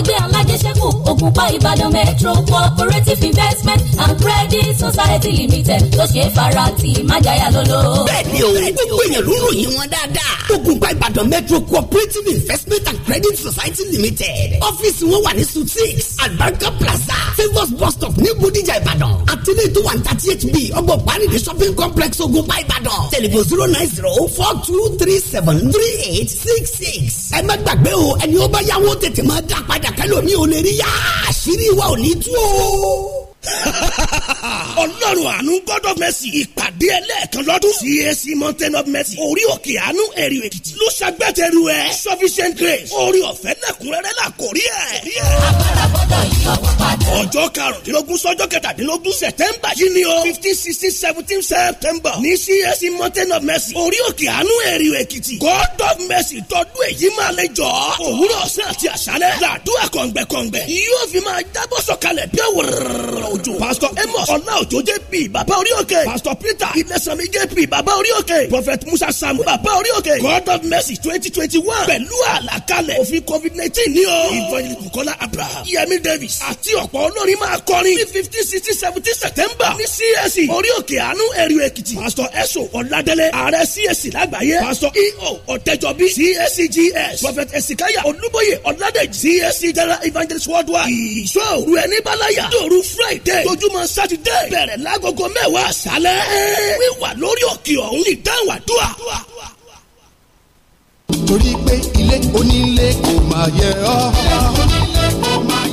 metro cooperative investment and credit society unlimited tó ṣe é fara ti májàyà lólo. bẹ́ẹ̀ni o gbogbo èèyàn ló ròyìn wọn dáadáa. ògùnbà ìbàdàn metro cooperative investment and credit society limited ọ́fíìsì wọn wà ní suite six albarka plaza favours bus stop ní bodijà ìbàdàn àtẹlẹ tó wà ní thirty eight b ọgbọ̀n pariwo shopping complex ògùnbà ìbàdàn tẹlifon zero nine zero four two three seven three eight six six. ẹ má gbàgbé o ẹni ó bá yáwó tètè máa dá padà kẹ́lò mi ò lè rí yá àṣírí wa ò ní tú o ọlọ́run àánú god of mercy ìpàdé ẹlẹ́ẹ̀kan lọ́dún cac mountain of mercy orí òkè àánú ẹ̀rí èkìtì ló ṣàgbẹ́tẹ̀rù ẹ̀ sufficient grace orí ọ̀fẹ́ lẹ́kùnrẹ́rẹ́ là kò rí ẹ̀. agbára gbọ́dọ̀ yí ọwọ́ padà. ọjọ́ karùndínlógún sọ́jọ́ kẹtàdínlógún sẹ̀tẹ́mbà yìí ni o fifteen sixteen seventeen september ní cac mountain of mercy orí òkè àánú ẹ̀rí èkìtì god of mercy tọdún èyí máa lè jọ òwúrọ̀ ọ̀sán àti àṣálẹ́ làdúrà kọ̀ǹgbẹ̀kọ̀ǹgbẹ̀ òjò pásítọ̀ amos ọláòjò jp bàbá orí òkè pásítọ̀ peter ilẹ̀sànmi jp bàbá orí òkè prophet musa samu bàbá orí òkè god of mercy twenty twenty one pẹ̀lú àlàkalẹ̀ òfin covid nineteen ni o evangelist bukola abraham yemi davis àti ọ̀pọ̀ olórin máa kọrin ní fifteen sixteen seventeen september ní csc e, orí òkè àánú ẹ̀rù èkìtì pásítọ̀ eso ọ̀làdẹ́lẹ̀ ààrẹ csc e lágbàáyé Pastor eo ọ̀tẹ́jọbí cscgs e prophet esikaya olúbóyè ọ̀làdẹ́jì csc general evangelist worldwide ìṣòro ẹni bá láyà dòru friday friday tójúmọ́ sátidé bẹ̀rẹ̀ lágogo mẹ́wàá àṣálẹ́ wíwà lórí òkè ọ̀hún ní dáhùn àdúrà torí pé ilé onílé kò máa yẹ ọ́. ilé onílé kò máa yẹ ọ́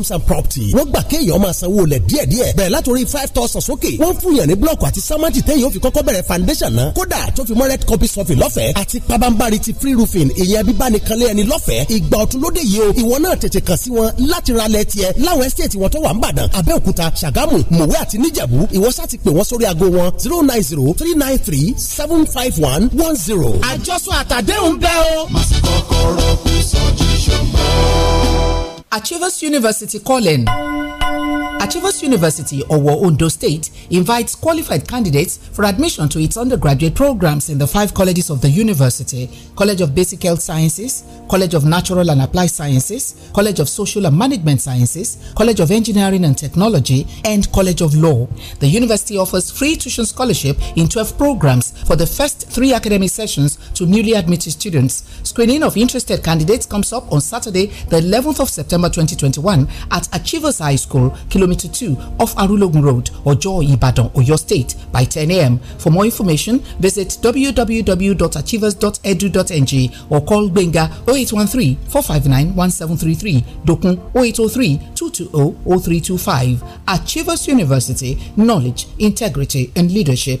homes and property wọ́n gbà kéèyàn máa sanwó lẹ̀ díẹ̀díẹ̀ bẹ̀rẹ̀ látòrí five thousand sókè wọ́n fún yàn ní blọọkù àti sámàtì téèyàn ó fi kọ́kọ́ bẹ̀rẹ̀ foundation náà kódà tó fi mọ́ red copy sọ́fìn lọ́fẹ̀ẹ́ àti pabambari ti free roofing ìyẹn bíbá nìkan lé ẹni lọ́fẹ̀ẹ́ ìgbà ọ̀tun lóde yìí o ìwọ náà tètè kàn sí wọn láti ra lẹ̀ tiẹ̀ láwọn estate wọn tó wà ń bàdàn abẹ́òkúta ṣàgámù mọ̀wé àti níjẹ̀bú ìwọ sá ti pè wọ́n sórí ago wọn zero nine zero three nine three seven five one one zero. àjọsọ àtàdéhùn bẹ́ẹ̀ o. màsí kọ́kọ́rọ́ kù sọ́jú ṣùgbọ́n. Achievers University calling. Achievers University, Owo Ondo State, invites qualified candidates for admission to its undergraduate programs in the five colleges of the university College of Basic Health Sciences, College of Natural and Applied Sciences, College of Social and Management Sciences, College of Engineering and Technology, and College of Law. The university offers free tuition scholarship in 12 programs for the first three academic sessions to newly admitted students. Screening of interested candidates comes up on Saturday, the 11th of September. September 2021 at Achievers High School, Kilometer 2 off Arulogun Road, Ojo, Ibadan, Oyo State by 10 a.m. For more information, visit www.achievers.edu.ng or call Benga 0813 459 1733, Dokun 0803 220 0325. Achievers University, knowledge, integrity, and leadership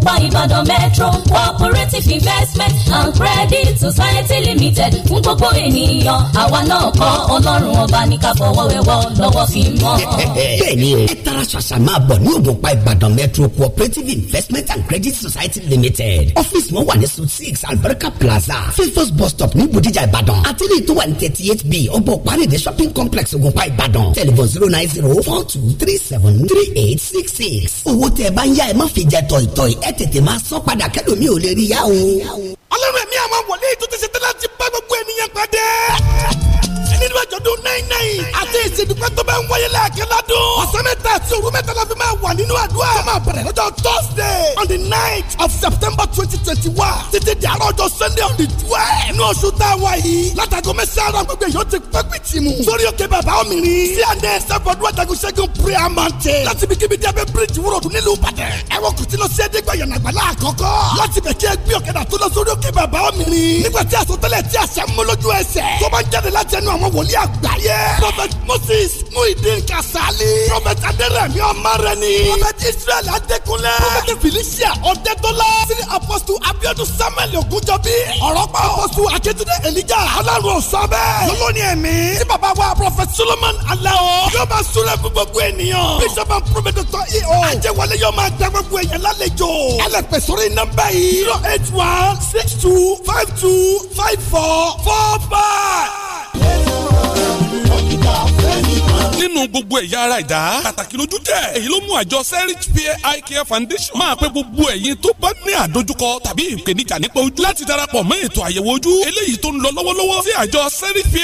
Ògùnpa Ìbàdàn Metro Cooperative Investment and Credit Society Limited fún gbogbo ènìyàn àwa náà kọ́ Ọlọ́run ọba ní ká fọwọ́ wẹwọ́ lọ́wọ́ fi mọ́. Bẹ́ẹ̀ni o ẹ tara ṣàṣà máa bọ̀ ní Ògùnpa Ìbàdàn Metro Cooperative Investment and Credit Society Limited ọ́fíìsì wọn wà ní suite six Alberca Plaza fifos bus stop ní Bódìjà Ìbàdàn àti ní ìtọ́wà ní thirty eight b ọgbọ̀n paríde shopping complex Ògùnpa Ìbàdàn tẹlifon zero nine zero four two three seven three eight six six owó tẹ ẹ bá ń yá ẹ má fi jẹ tọ̀ìtọ̀ì ẹ kẹ́ tètè máa sọ padà kẹ́lòmí ò lè rí yá o. ọlọ́run ẹ̀mí àwọn wọlé ètò tẹ̀sẹ̀ tẹ́lá ti bá gbogbo ènìyàn pàdé nínú àjọ̀dún náírà àti ìsìnkú tó bá ń wáyé lẹ́ẹ̀kẹ́ lọ́dún. ọ̀sán mẹ́ta àti òru mẹ́ta la fi máa wà nínú àdúrà. tó máa bẹ̀rẹ̀ lọ́jọ́ thursday on the night of september twenty twenty one títí di àárọ̀ ọjọ́ sunday on the twelve. inú oṣù tá a wà yìí látàgọ́ mẹ́sàn-án gbogbo èèyàn ti pẹ́ pẹ́ tì mú. sórí òkè bàbá omi rí. sí àná ẹsẹ̀ fọdún àtàkùn ṣẹ́gun prayer mountain. láti bí kíbi díẹ̀ bẹ́ bíríìjì wúrọ̀ dùn nílùú ìbàdàn. ẹ̀wọ̀n kùtì lọ sí ẹ̀dẹ́gbẹ̀ yànnàgbàlá àkọ́kọ́. láti bẹ̀ kí ẹ gbé ọ̀kadà tó lọ sórí òkè bàbá omi rí. nígbà tí àsọtẹ́lẹ̀ tí àṣà ń mú lójú ẹsẹ̀. tó bá ń jáde láti ẹnu àwọn w wòlíì àgbáyé. prophet moses muhideen kasali. prophet adérẹ̀mí ọmọrẹ́ni. prophet israel adékúnlé. prophet felicia ọ̀dẹ́tọ́lá. sini apọ́sù abiodun samuel ogunjọbi. ọ̀rọ̀ pa apọ́sù akíntúndé elija. ọlọ́run ọ̀sán bẹ́ẹ̀. lọ́lọ́ni ẹ̀mí. tí bàbá wa prophet solomon aláwọ̀. yóò máa súnlẹ̀ fún gbogbo ènìyàn. bishop and prophet doctor eo. ajẹ́wọlé yóò máa jẹ́ gbogbo èèyàn lálejò. ẹlẹ́pẹ̀ sórí nọ́mbà yìí. zero eight one six two five two five four four five nínú gbogbo ẹ̀yà ara ìdá. pàtàkì lójú jẹ́ èyí ló mú àjọ serich peer eye care foundation máa pé gbogbo ẹ̀yin tó bá ní àdójúkọ tàbí ìpèníjà nípa ojú láti darapọ̀ mọ́ ètò àyẹ̀wò ojú eléyìí tó ń lọ lọ́wọ́lọ́wọ́ sí àjọ serich peer